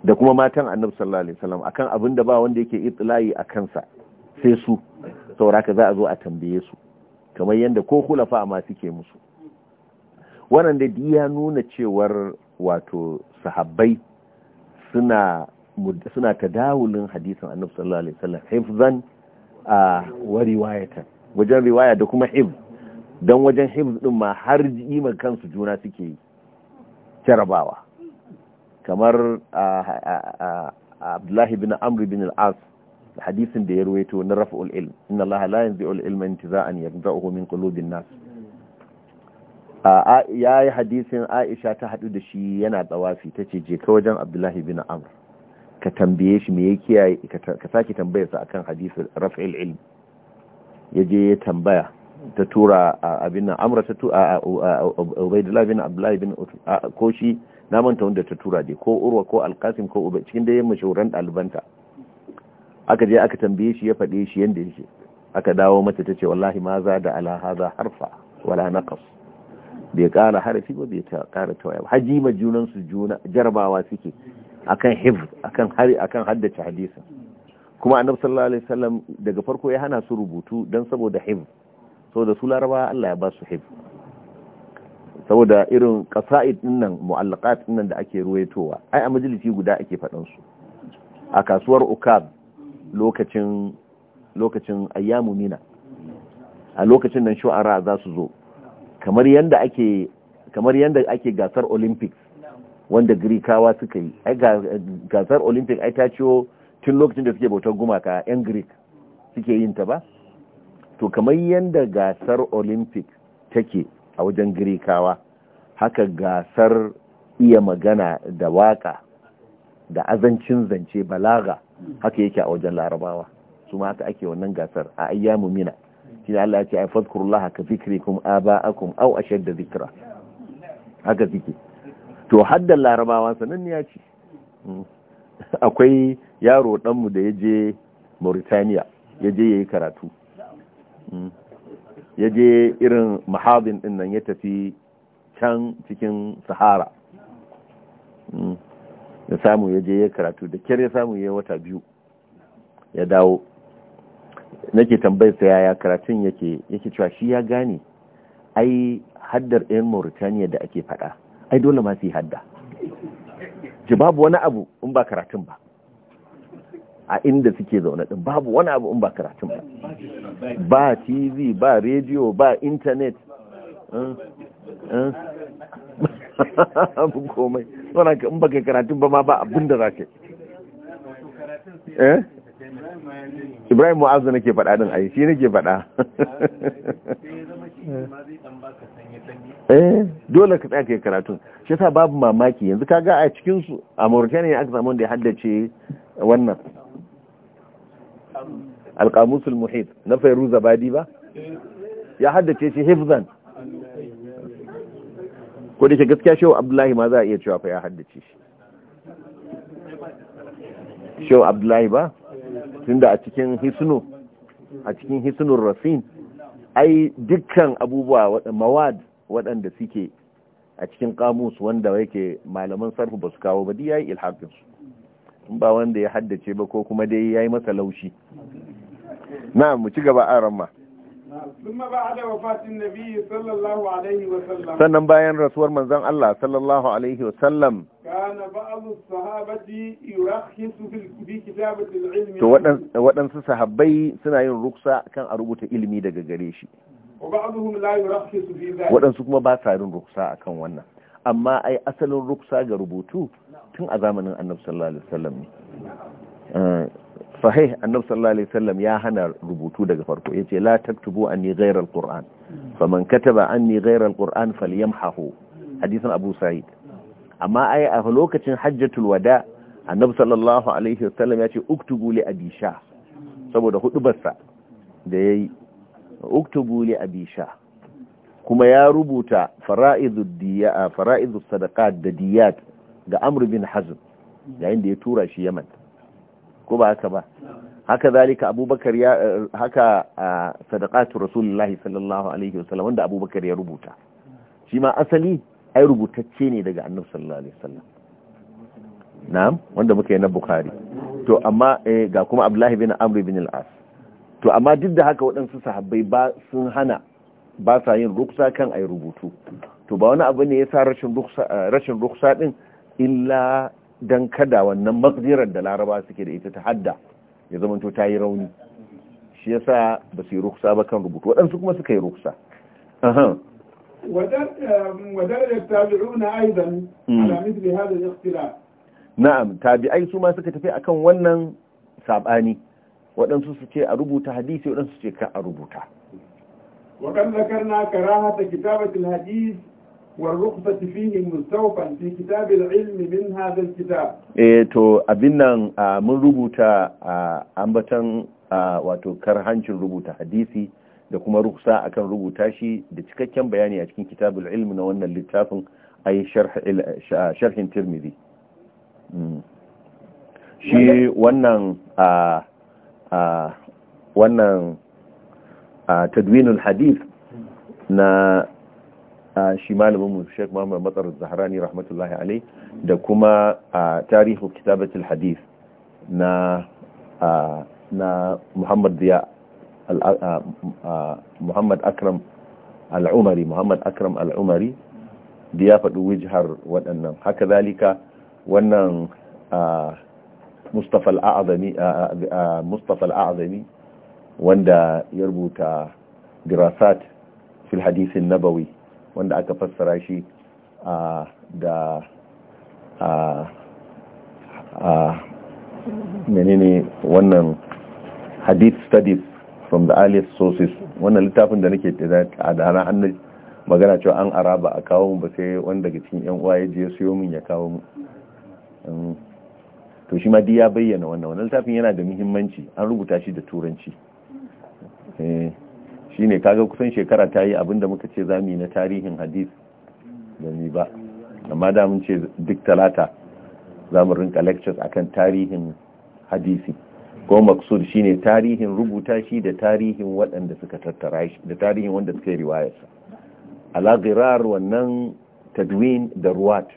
da kuma matan annabi sallallahu alaihi wasallam akan abin da ba wanda yake itlai a kansa sai su sauraka za a zo a tambaye su kamar yadda ko hulafa ma suke musu wannan da ya nuna cewar wato sahabbai suna suna tadawulin hadisin annabi sallallahu alaihi wasallam hifzan a wa wajen riwaya da kuma hib don wajen hib din ma har ji'imar kansu juna suke yi jarabawa kamar abdullahi bin amri bin al'as hadisin da ya ruwaito na rafa'ul ilm inna allaha la za a ilma intiza'an yanza'uhu min qulubin nas ya yi hadisin aisha ta haɗu da shi yana tsawafi ta ce je ka wajen abdullahi bin Amri. ka tambaye shi me ya kiyaye ka sake tambayar sa akan hadisul raf'il ilm yaje ya tambaya ta tura abin nan amra ta tura ubaidullah bin abdullahi bin ko shi na manta wanda ta tura dai ko urwa ko alkasim ko ubai cikin dai mashahuran ɗalibanta aka je aka tambaye shi ya faɗe shi yanda yake aka dawo mata ta ce wallahi ma za da ala haza harfa wala naqas bai ƙara harafi ba bai ƙara tawaya haji ma junan su juna jarbawa suke akan hifz akan hari akan haddace hadisin kuma annabi sallallahu alaihi wasallam daga farko ya hana su rubutu dan saboda hifz saboda su laraba Allah ya ba su hifz saboda irin qasaid dinnan mu'allaqat dinnan da ake ruwaitowa ai a majalisi guda ake fadan su a kasuwar ukab lokacin lokacin ayyamu mina a lokacin nan shu'ara za su zo kamar yanda ake kamar yanda ake gasar olympics wanda girkawa suka yi ai gasar olympic ai ta ciwo tun lokacin da suke bautar gumaka yan greek suke yin ta ba to kamar yadda gasar olympic take a wajen girkawa haka gasar iya magana da waka da azancin zance balaga haka yake a wajen larabawa su ma haka ake wannan gasar a ayyamu mina shi Allah ya ce ai fadkurullaha ka zikrikum aba'akum au ashadda zikra haka zike to haddan larabawa sananniya ce mm. akwai yaro ɗanmu da ya je mauritaniya ya je ya yi karatu mm. ya je irin mahadin ɗin nan ya tafi can cikin sahara mm. ya samu ya je ya karatu da kyar ya samu ya wata biyu ya dawo nake tambayarsa yaya karatun yake yake cewa shi ya gane ai haddar 'yan mauritaniya da ake faɗa ai dole ma su yi hadda ji babu wani abu in ba karatun ba a inda suke zaune din babu wani abu in ba karatun ba ba tv ba rediyo ba intanet abu komai wana in ba kai karatun ba ma ba abin da za ka eh? ibrahim mu'azza nake faɗa din ayi shi nake faɗa Eh. eh dole ka tsaya kai karatu shi yasa babu mamaki yanzu kaga a cikin su a Mauritania aka samu da ya haddace wannan alqamusul muhit na Fairuz Zabadi ba ya haddace shi hifzan ko da ke gaskiya shehu Abdullahi ma za a iya cewa fa ya haddace shi shehu Abdullahi ba tunda a cikin hisnu a cikin hisnu rasin ai dukkan abubuwa mawad waɗanda suke a cikin kamus wanda yake malaman sarfu ba su kawo ba dai yayi ilhaqin su in ba wanda ya haddace ba ko kuma dai yayi masa laushi na mu ci gaba a ramma sannan bayan rasuwar manzon Allah sallallahu alaihi wasallam to waɗansu sahabbai suna yin ruksa kan a rubuta ilimi daga gare shi waɗansu kuma ba sa yin ruksa a kan wannan amma ai asalin ruksa ga rubutu tun a zamanin annabi sallallahu alaihi wasallam ne sahih annabi sallallahu alaihi wasallam ya hana rubutu daga farko yace la taktubu anni ghayra alquran faman kataba anni ghayra alquran falyamhahu hadisin abu sa'id amma ai a lokacin hajjatul wada annabi sallallahu alaihi wasallam yace uktubu li abisha saboda hudubarsa da yayi uktubu li abisha kuma ya rubuta fara'idud diya fara'idus sadaqat da diyat ga amr bin hazm yayin da ya tura shi yaman ko ba haka ba haka zalika abubakar ya haka sadaqatu rasulullahi sallallahu alaihi wasallam wanda abubakar ya rubuta shi ma asali ai rubutacce ne daga annabi sallallahu alaihi wasallam na'am wanda muka yi na bukhari to amma eh, ga kuma abdullahi bin amr bin al-as to amma duk da haka waɗansu sahabbai ba sun hana ba sa yin ruksa kan ai rubutu to ba wani abu ne yasa rashin ruksa rashin ruksa din illa dan kada wannan maqdirar da laraba suke da ita ta hadda ya zamanto ta yi rauni shi yasa ba su yi ruksa ba kan rubutu waɗansu kuma suka yi ruksa ودرجة تابعون أيضا على مثل هذا الاختلاف نعم تابعي سوما سكتفي أكون ونن سابعاني waɗansu su ce a rubuta hadisi waɗansu su ce ka a rubuta. Waɗanda karna karahata kitabatul hadis والرخصة فيه مستوفا في كتاب العلم من هذا الكتاب eh to abin nan mun rubuta ambatan wato karhancin rubuta da kuma ruksa akan rubuta shi da cikakken bayani a cikin kitabul ilm na wannan littafin ai sharhin tirmidhi shi wannan a wannan tadwinul hadith na shi malamin mu Sheikh Muhammad Matsar Zahrani rahmatullahi alai da kuma tarihu kitabatul hadith na na Muhammad Diya Muhammad Akram Al-Umari Muhammad Akram Al-Umari da ya fadu wijhar wadannan haka dalika wannan Mustafa al al-A'zami wanda ya rubuta dirasat fil hadisin nabawi wanda aka fassara shi da menene wannan hadith studies from the earliest sources wannan littafin da nake a dana hannun magana cewa an araba a kawo ba sai wanda daga cikin yan uwa ya je siyo min ya kawo mu to shi ma dai ya bayyana wannan wannan littafin yana da muhimmanci an rubuta shi da turanci eh. shine kaga kusan shekara ta yi abinda muka ce zami na tarihin hadis da ni ba amma da mun ce duk talata za mu rinka lectures akan tarihin hadisi ko maksud shine tarihin rubuta shi da tarihin waɗanda suka tattara shi da tarihin wanda suka yi riwayarsa ala ghirar wannan tadwin da ruwat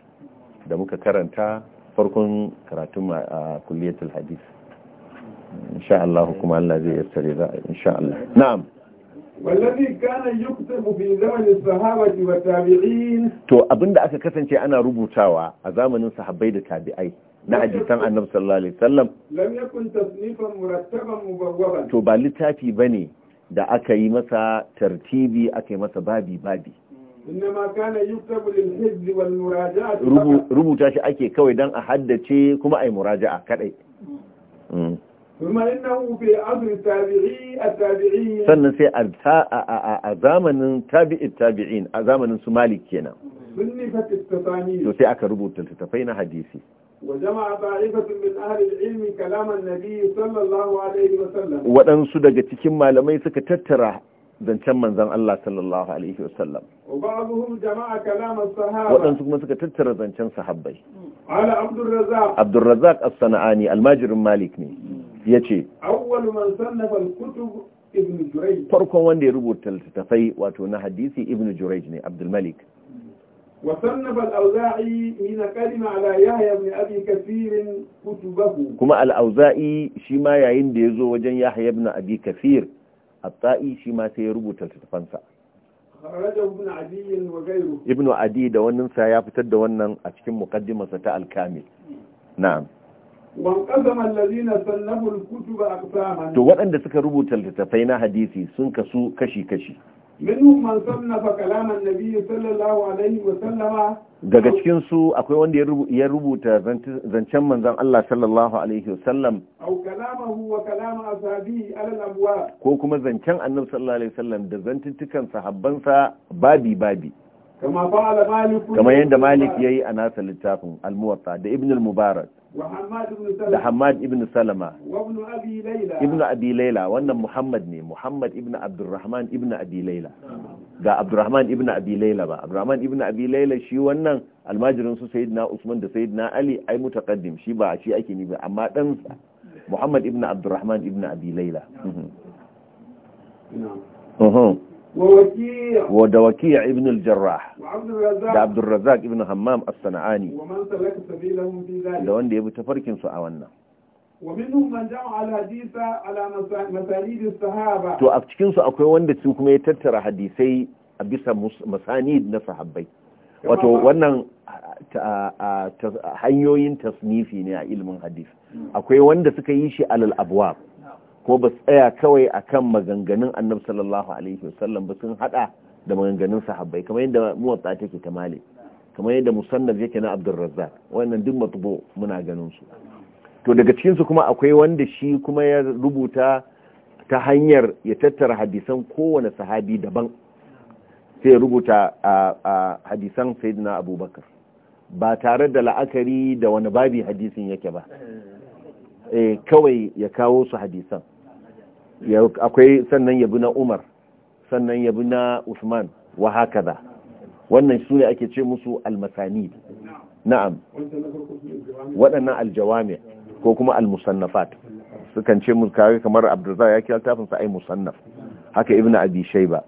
da muka karanta farkon karatun a kulliyatul hadis insha Allah kuma Allah zai yassare za insha Allah na'am wallazi kana yuktabu fi zamanin sahabati wa tabi'in to abinda aka kasance ana rubutawa a zamanin sahabbai da tabi'ai na hadisan annabi sallallahu alaihi wasallam lam yakun tasnifan murattaban mubawwaban to ba littafi bane da aka yi masa tartibi aka yi masa babi babi innama kana yuktabu lil hizb wal muraja'at rubuta shi ake kawai dan a haddace kuma ai muraja'a kadai mm. sannan sai a zamanin tabi'in tabi'in a zamanin su malik kenan to sai aka rubuta littattafai na hadisi waɗansu daga cikin malamai suka tattara zancen manzan Allah sallallahu alaihi wasallam waɗansu kuma suka tattara zancen sahabbai abdurrazak as-sana'ani almajirin malik ne ya ce farkon wanda ya rubuta littattafai wato na hadisi ibn jurej ne abdul malik kuma al’auza’i shi ma yayin da ya zo wajen ya hayab na abi kafir a tsa’i shi ma sai ya rubuta littattafansa ibn adi da wannan sa ya fitar da wannan a cikin mukaddimarsa ta alkamil na'am وانقسم الذين سلموا الكتب اقساما تو وادان دسكا روبوتا لتفاي نا حديثي سن كسو كشي كشي منهم من سمنا فكلام النبي صلى الله عليه وسلم daga cikin su akwai wanda ya rubuta zancen manzon Allah sallallahu alaihi wasallam aw kalamahu wa kalam ashabi ala al-abwa ko kuma zancen annabi sallallahu alaihi sallam, da zantuntukan sahabban sa babi babi kamar yadda malik ya yi a nasa littafin almuwatsa da ibn al-mubarak da hamad ibn salama ibn abilaila wannan muhammad ne muhammad ibn abdurrahman ibn abilaila laila ga abdurrahman ibn abilaila ba abdurrahman ibn abilaila shi wannan almajirin su sayyidina usman da sayyidina ali ai mutaqaddim shi ba shi ake ni ba amma dan muhammad ibn abdurrahman ibn abilaila. ودا ابن الجراح da Abdulrazak ibn Hammam as-Sana'ani da wanda ya ابو tafarkin su a wannan to a cikin su akwai wanda su kuma ya tattara hadisai a bisa masanid na sahabbai wato wannan hanyoyin tasnifi ne a ilimin hadisi. akwai wanda suka yi shi alal abwab ko ba tsaya kawai akan maganganun annabi sallallahu alaihi wasallam ba sun hada da maganganun sahabbai kamar yadda muwatta take ta mali kamar yadda musannaf yake na razzaq wannan duk matubo muna ganin su to daga cikin su kuma akwai wanda shi kuma ya rubuta ta hanyar ya tattara hadisan kowane sahabi daban sai ya rubuta a hadisan sayyidina abubakar ba tare da la'akari da wani babi hadisin yake ba eh, kawai ya kawo su hadisan akwai sannan yabi na umar sannan yabi na usman wa hakaza wannan su ne ake ce musu almasani na'am waɗannan aljawami ko kuma almusannafat kan ce musu kawai kamar abdulza ya kira tafinsa ai musannaf haka ibn abi ba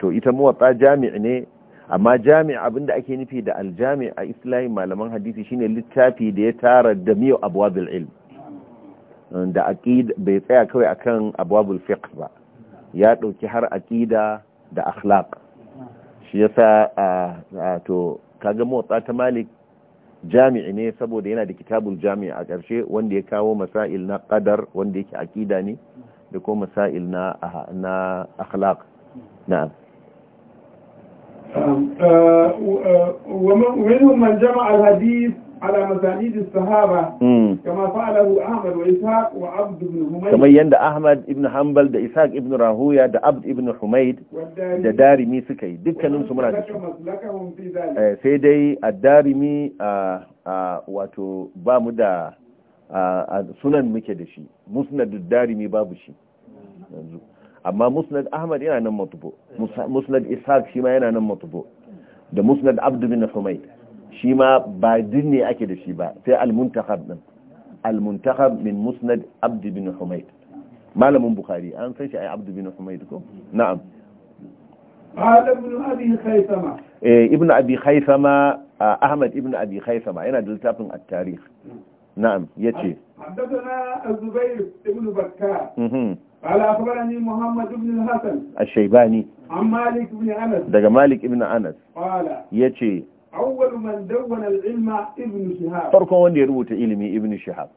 to ita mawata jami'i ne amma jami'a abinda ake nufi da a islami malaman hadisi shine littafi da ya tara da miyo abwabil ilm da aqida bai tsaya kawai akan abwabul fiqh ba ya dauki har aqida da akhlaq shi yasa to kaga motsa ta malik jami'i ne saboda yana da kitabul jami'i a ƙarshe wanda ya kawo masail na qadar wanda yake aqida ne da ko masail na na akhlaq na'am ومنهم um, uh, uh, ala masanidin sahaba kama fa'alahu ahmad wa ishaq wa abd ibn humayd kamar yanda ahmad ibn hanbal da ishaq ibn rahuya da abd ibn humayd da darimi suka yi dukkanin su muna cikin sai dai addarimi darimi a wato ba mu da sunan muke da shi musnad darimi babu shi yanzu amma musnad ahmad yana nan matubo musnad ishaq shi ma yana nan matubo da musnad abd ibn humayd shi ma ba din ne ake da shi ba sai al-muntakhab din al-muntakhab min musnad abd ibn humayd malamin bukhari an san shi ai abd ibn humayd ko na'am ibn abi khaisama eh, ah, ahmad ibn abi khaisama yana da littafin at-tarikh na'am yace حدثنا الزبير بن بكار قال أخبرني محمد بن الحسن الشيباني عن مالك بن أنس دقى مالك بن أنس قال يتي awwal man dawwana al ibn shihab farkon wanda ya rubuta ilimi ibn shihab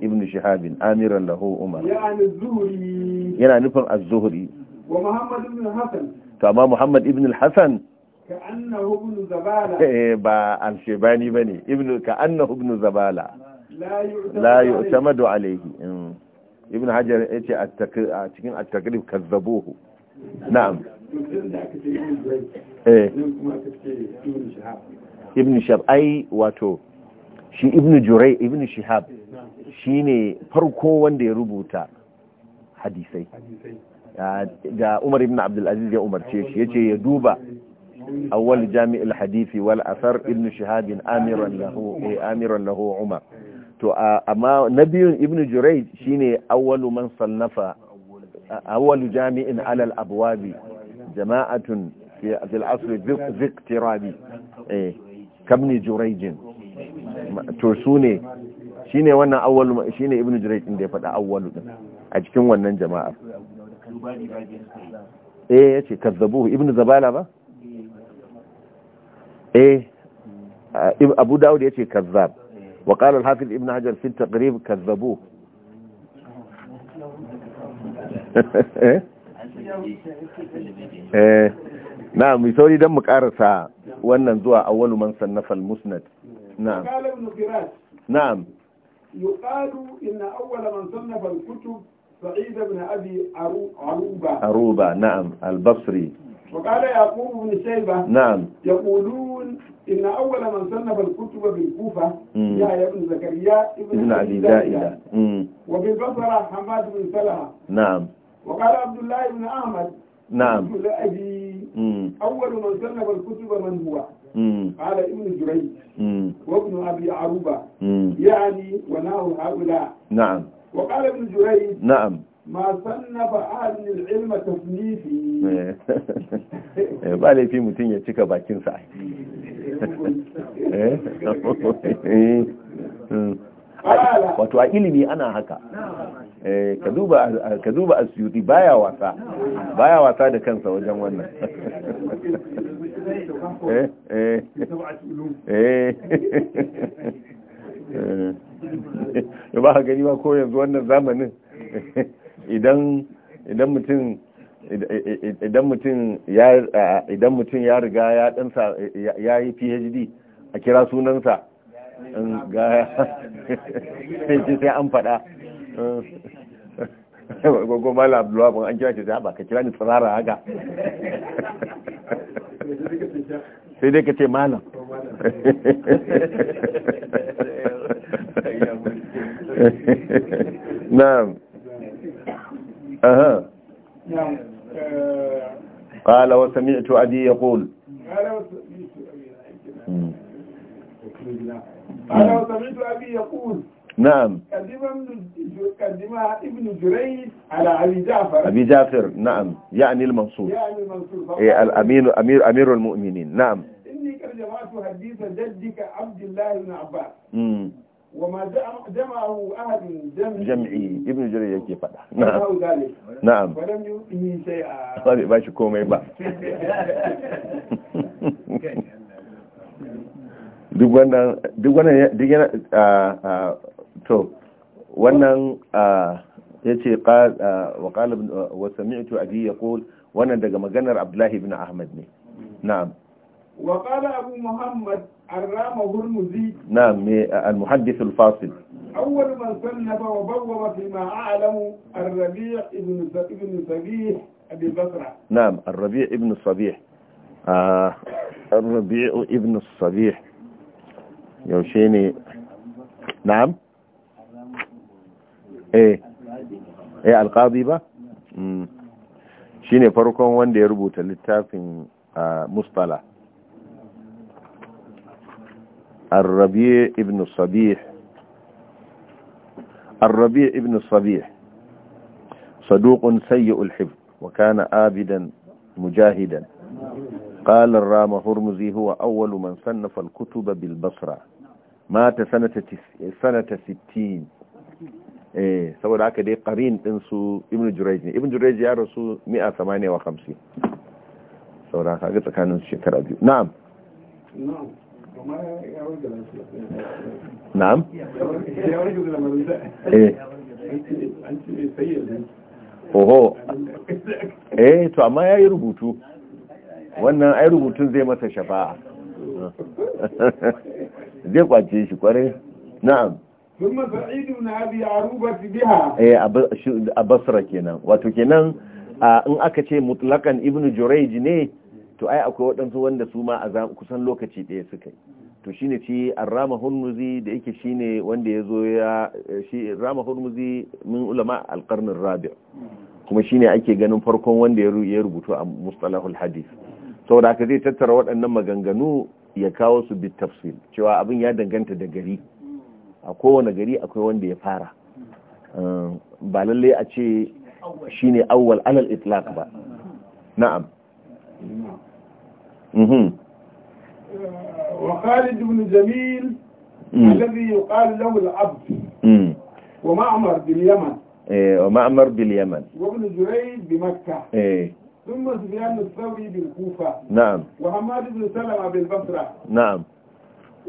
ibn shihab amiran lahu umar yana nufin az-zuhri wa muhammad ibn hasan kama muhammad ibn al-hasan ka'annahu ibn zabala ba al-shibani bane ibn ka'annahu ibn zabala la yu'tamadu alayhi ibn hajar yace a cikin at-takrib ibn eh. shahab ai wato shi ibn jurai ibn shihab shi ne farko wanda ya rubuta hadisai da umar ibn abdulaziz ya umarce shi ya ce ya duba awwal jami'il hadisi wal asar ibn shihabin amiran lahu eh, amiran lahu umar to amma na biyun ibn jurai shine awwalu man sannafa awwalu jami'in alal abwabi jama'atun في العصر ذي اقترابي ايه كابني جريج ترسوني shine wannan awwalu shi ne Ibn din da ya faɗa awwalu din a cikin wannan jama'ar eh yace kazzabu Ibn zabala ba eh abu daud yace kazzab wa qala al-hafiz ibnu hajar fi at-taqrib kazzabuhu eh نعم na دم sauri وانا نزوى اول من صنف المسند نعم نعم al-musnad na'am يقال إن أول من صنف الكتب سعيد بن أبي عروبة عروبة نعم البصري وقال يعقوب بن شيبة نعم يقولون إن أول من صنف الكتب بالكوفة يحيى بن زكريا ابن أبي زائدة وبالبصرة حماد بن سلمة نعم وقال عبد الله بن أحمد نعم أبي أول من سنب الكتب من هو قال ابن جريج وابن أبي عروبة يعني وناه هؤلاء نعم وقال ابن جريج نعم ما سنب أهل العلم تصنيفي ba laifi mutum ya cika bakinsa wato a ilimi ana haka eh, ka duba suyuti baya wasa baya wasa da kansa wajen wannan ya eh, eh. ba gani ba ko yanzu wannan zamanin idan mutum idan mutum ya riga ya ya yi PhD a kira sunansa ga ce sai an faɗa gogo mala abdullabin an kira shi sai ba ka kira ni tsirara haka sai dai ka ce malam na. aha قال وسمعت أبي يقول قال وسمعت أبي يقول نعم. أنا سمعت أبي يقول نعم قدم ابن جريج على أبي جعفر أبي جعفر نعم يعني المنصور يعني المنصور إيه الأمير أمير أمير المؤمنين نعم إني قد جمعت حديث جدك عبد الله بن عباس امم وما جمعه أحد جمعي جمعي ابن جريج كيف فدا نعم ذلك نعم ولم يؤتي شيئا طيب باش كومي با duk wannan duk wannan a a to wannan yace wa qala wa sami'tu abi yaqul wannan daga maganar abdullahi ibn ahmad ne na'am wa qala abu muhammad arrama hurmuzi na'am me al-muhaddith al-fasil awwal man sannafa wa bawwaba fi ma a'lamu ar-rabi' ibn ibn sabih abi na'am ar-rabi' ibn sabih ah, ibn yaushe ne na'am eh eh alqadi ba shine farkon wanda ya rubuta littafin mustala الربيع ابن الصبيح الربيع ابن الصبيح صدوق سيء الحفظ وكان آبدا مجاهدا قال الرام هرمزي هو أول من صنف الكتب بالبصرة mata sanata 60 eh, eh saboda haka dai qarin din su ibn Jiraiji, ne ibn Jiraiji ya rasu 158 saboda haka ga tsakanin shekara biyu na'am na'am eh. oho eh to amma yayi rubutu wannan ai rubutun zai masa shafa'a zai kwace shi kwarai na'am kuma sa'idu na abi ruba biha eh a basra kenan wato kenan in aka ce mutlakan ibn jurayj ne to ai akwai waɗansu wanda su ma a kusan lokaci ɗaya suka yi to shine ci arrama hurmuzi da yake shine wanda ya zo ya shi rama hurmuzi min ulama alƙarnin rabi' kuma shine ake ganin farkon wanda ya rubuto a mustalahul hadith saboda haka zai tattara waɗannan maganganu ya kawo su bi tafsil cewa abin ya danganta da gari a kowane gari akwai wanda ya fara ehm, ba lalle a ce shi ne awwal alal itlaq ba na'am mhm wa Khalid ibn Jamil mm. alladhi yuqal lahu al-abd mm. wa Ma'mar bil Yaman eh wa Ma'mar bil Yaman wa ibn Jurayj bi Makkah eh ثم سفيان الثوري بالكوفة نعم وحماد بن سلمة بالبصرة نعم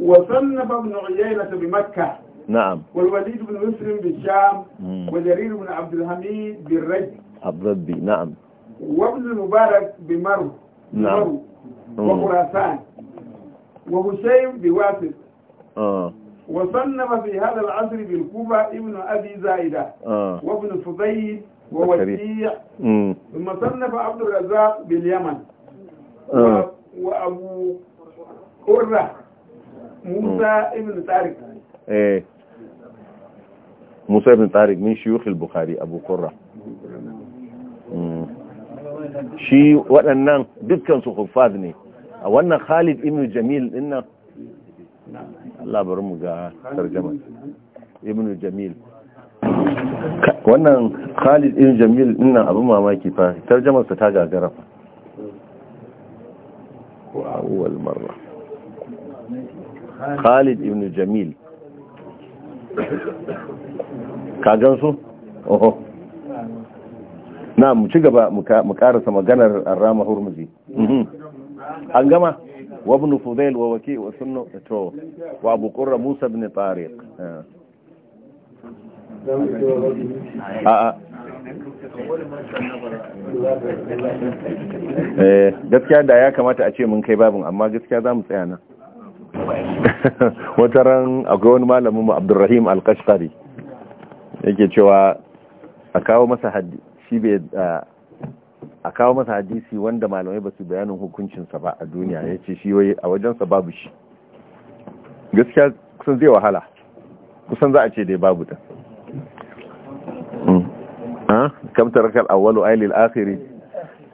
وصنف ابن عيينة بمكة نعم والوليد بن مسلم بالشام وجرير بن عبد الحميد بالرج الربي نعم وابن المبارك بمرو نعم وخراسان وهشيم بواسط آه. وصنف في هذا العصر بالكوفة ابن أبي زائدة آه. وابن فضيل ووسيع ثم صنف عبد الرزاق باليمن آه. وابو قرة موسى ابن طارق ايه موسى بن طارق من شيوخ البخاري ابو قرة شي وانا دكا سخفاذني وانا خالد ابن جميل انه نعم. الله برمجا ترجمة ابن جميل wannan khalid ibn jamil dinnan abin mamaki fa tarjamar sa ta gagara fa ko awwal marra khalid ibn jamil ka gan su oho na mu ci gaba mu karasa maganar arrama hurmuzi mhm. an gama wabnu fudail wa waki wa sunno to wa abu qurra musa ibn tariq ah. Eh, gaskiya da ya kamata a ce mun kai babin amma gaskiya za mu tsaya na. wata ran akwai wani malamin mu abdurrahim alkashkari yake cewa a kawo masa hadisi a kawo masa hadisi wanda malamai ba su bayanin hukuncinsa ba a duniya ya ce shi wai a wajensa babu shi gaskiya kusan zai wahala kusan za a ce dai babu ta kam tarakal awwalu ay lil akhiri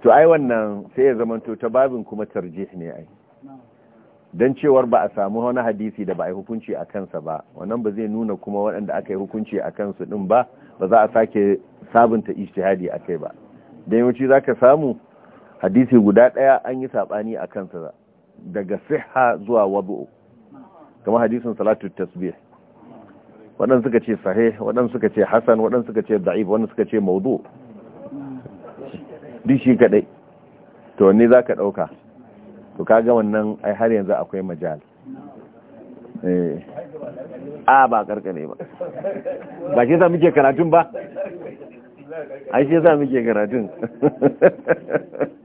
to ai wannan sai ya zamanto ta babin kuma tarjih ne ai dan cewar ba a samu wani hadisi da ba a hukunci a kansa ba wannan ba zai nuna kuma waɗanda aka yi hukunci a kansu din ba ba za a sake sabunta ijtihadi a kai ba dan yawanci zaka samu hadisi guda ɗaya an yi sabani a kansa daga sihha zuwa wabu kamar hadisin salatu tasbih waɗansu suka ce sahe waɗansu suka ce hasan waɗansu suka ce da'if waɗansu suka ce maudu duk shi kaɗai to ni za ka ɗauka to kaga wannan ai har yanzu akwai majal eh. a ba karkare ba ba shi za muke karatun ba ai shi za muke karatun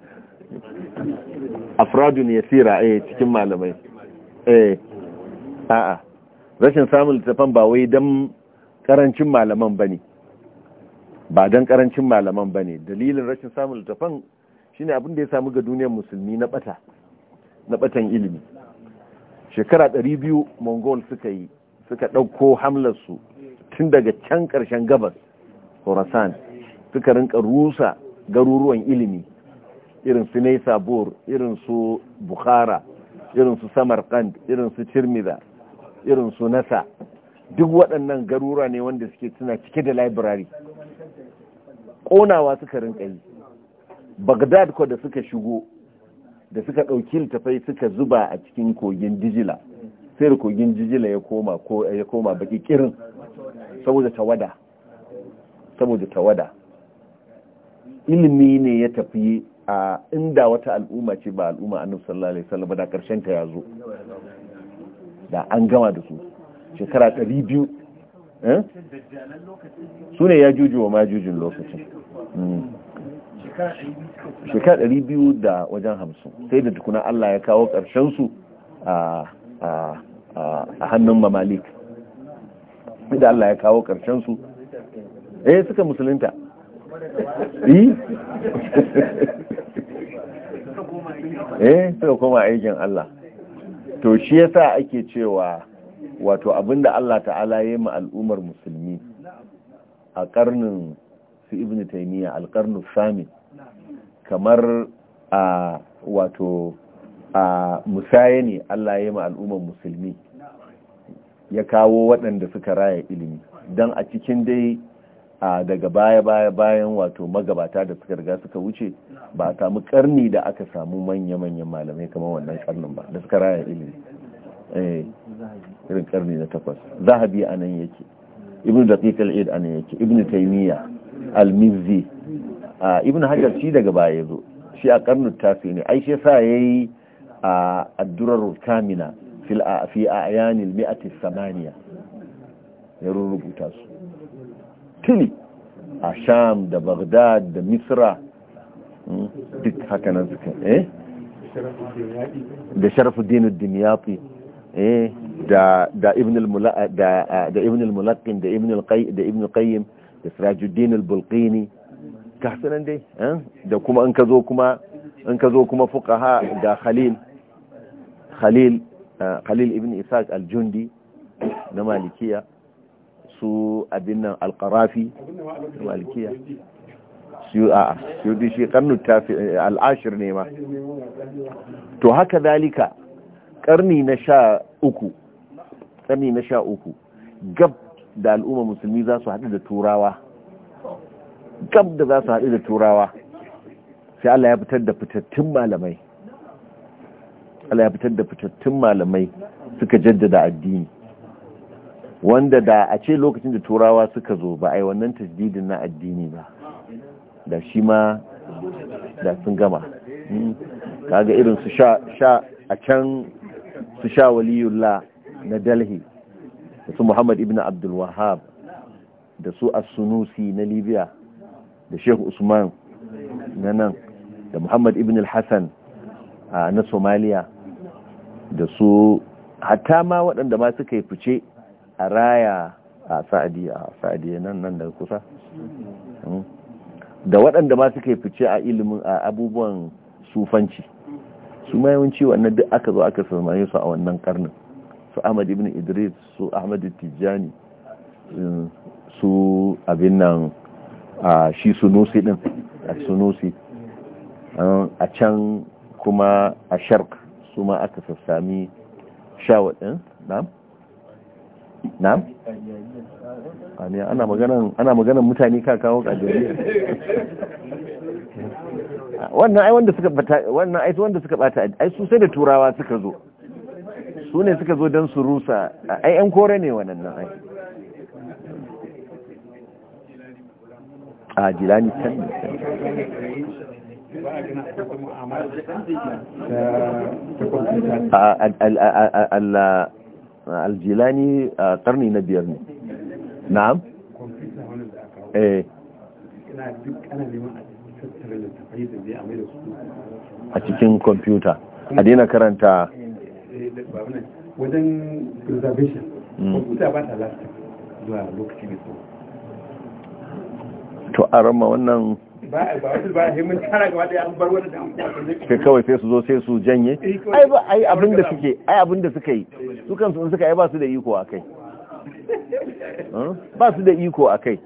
afradun tsira eh cikin malamai a eh. a'a rashin samun littafan ba wai don karancin malaman ba ne ba don karancin malaman ba ne dalilin rashin samun littafan shine abin da ya samu ga duniyar musulmi na bata na batan ilimi shekara 200 mongol suka yi suka ɗauko hamlarsu tun daga can ƙarshen gabas horasan suka rinka rusa garuruwan ilimi irin su naisabur irin su bukhara irin su samarkand irin su cirmida irin su nasa duk waɗannan garura ne wanda suke suna cike da library ƙonawa suka rinka yi bagdad ko da suka shigo da suka ɗauki littafai suka zuba a cikin kogin dijila sai da kogin dijila ya koma ko ya koma baki kirin saboda tawada saboda tawada ilimi ne ya tafi a inda wata al'umma ce ba al'umma annabi sallallahu alaihi wasallam da karshen ta zo. da an gama da su shekara 200 eh? su ne ya juju wa majujin lokacin hmm. shekara 200 da wajen hamsin sai da tukuna Allah ya kawo ƙarshensu a hannun mamalik da Allah ya kawo ƙarshensu eh suka musulunta yi eh? eh suka koma aikin Allah to shi yasa ake cewa wato abinda Allah ta'ala ya yi al'ummar musulmi a karnin su ibn taymiya alƙarnu sami kamar a wato a musayani ne Allah ya yi al'ummar musulmi ya kawo waɗanda suka raya ilimi don a cikin dai daga baya baya bayan wato magabata da suka riga suka wuce ba a samu karni da aka samu manya-manyan malamai kamar wannan karnin ba da suka raya ilimi eh, irin karni na takwas zahabi a nan yake ibn daqiq al-id a nan yake ibn taymiya al-mizzi ibn hajar shi daga baya yazo shi a karnin tasi ne ai shi sa yayi a ad-durar kamina fil fi a'yan al samaniya ya rubuta su tuni a sham da bagdad da misra duk haka na suka eh da sharafuddin dimyafi eh da da ibn al da da ibn al-mulaqqin da ibn al-qayyim da ibn sirajuddin al-bulqini ka sanan dai eh? da kuma in ka zo kuma in ka zo kuma fuqaha da khalil khalil eh, khalil ibn isaac al-jundi na malikiya su abin nan al-qarafi malikiya suyuti a suyuti shi karnu al'ashir ne ma to haka dalika karni na sha uku karni na sha uku gab da al'umma musulmi za su haɗu da turawa gab da za su haɗu da turawa sai Allah ya fitar da fitattun malamai Allah ya fitar da fitattun malamai suka jaddada addini wanda da a ce lokacin da turawa suka zo ba a yi wannan tasdidin na addini ba da shi ma da sun gama hmm. kaga irin su sha a can su sha waliyullah na dalhi da su muhammad ibn abdul wahab da su as-sunusi na libya da shehu usman na nan da muhammad ibn al-hassan na somaliya da su hatta ma waɗanda ma suka yi fice a raya a sa'adiyya nan nan daga kusa hmm. da waɗanda ma suka fice a ilimin a abubuwan sufanci su ma yawanci wannan duk aka zo aka samaye su a wannan karnin su ahmad ibn idris su ahmad tijjani su abin nan a shi sunusi din a sunusi a can kuma a shark su ma aka sassami shawaɗin na na? ana maganan ana mutane ka kawo kajeriya wannan ai wanda suka bata wannan ai wanda suka bata ai su sai da turawa suka zo su ne suka zo don su rusa ai yan kore ne wannan ai a jilani can ne a aljilani a karni na biyar ne na'am eh a cikin kwamfuta a dina karanta wajen preservation kwamfuta ba ta lasta zuwa lokaci to a rama wannan kai kawai sai su zo sai su janye eh, ai ba ai abin da suke ai abin da suka yi su kansu in suka yi ba su da iko akai ba su da iko akai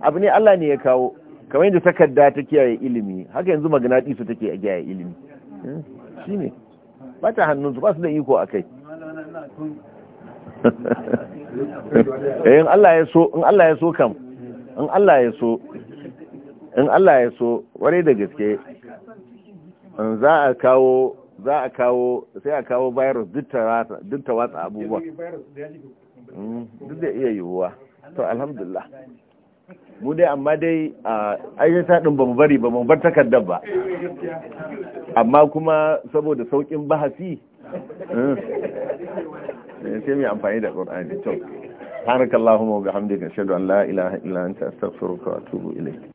abu ne Allah ne ya kawo kamar yadda takarda ta kiyaye ilimi haka yanzu maganaɗisu take a kiyaye ilimi shi ne ba ta hannunsu ba su da iko a kai eh, in Allah ya so kam in Allah ya so in Allah ya so ware da gaske za a kawo za a kawo sai a kawo virus duk ta watsa abubuwa mm, duk da iya yiwuwa to alhamdulillah mu dai amma dai a ayyata ɗin ba mu bari ba mu bar takardar ba amma kuma saboda sauƙin bahasi mm, eh, sai mai amfani da ƙur'ani to subhanakallahumma wa bihamdika shaidu an la ilaha illa anta astaghfiruka wa tubu ilai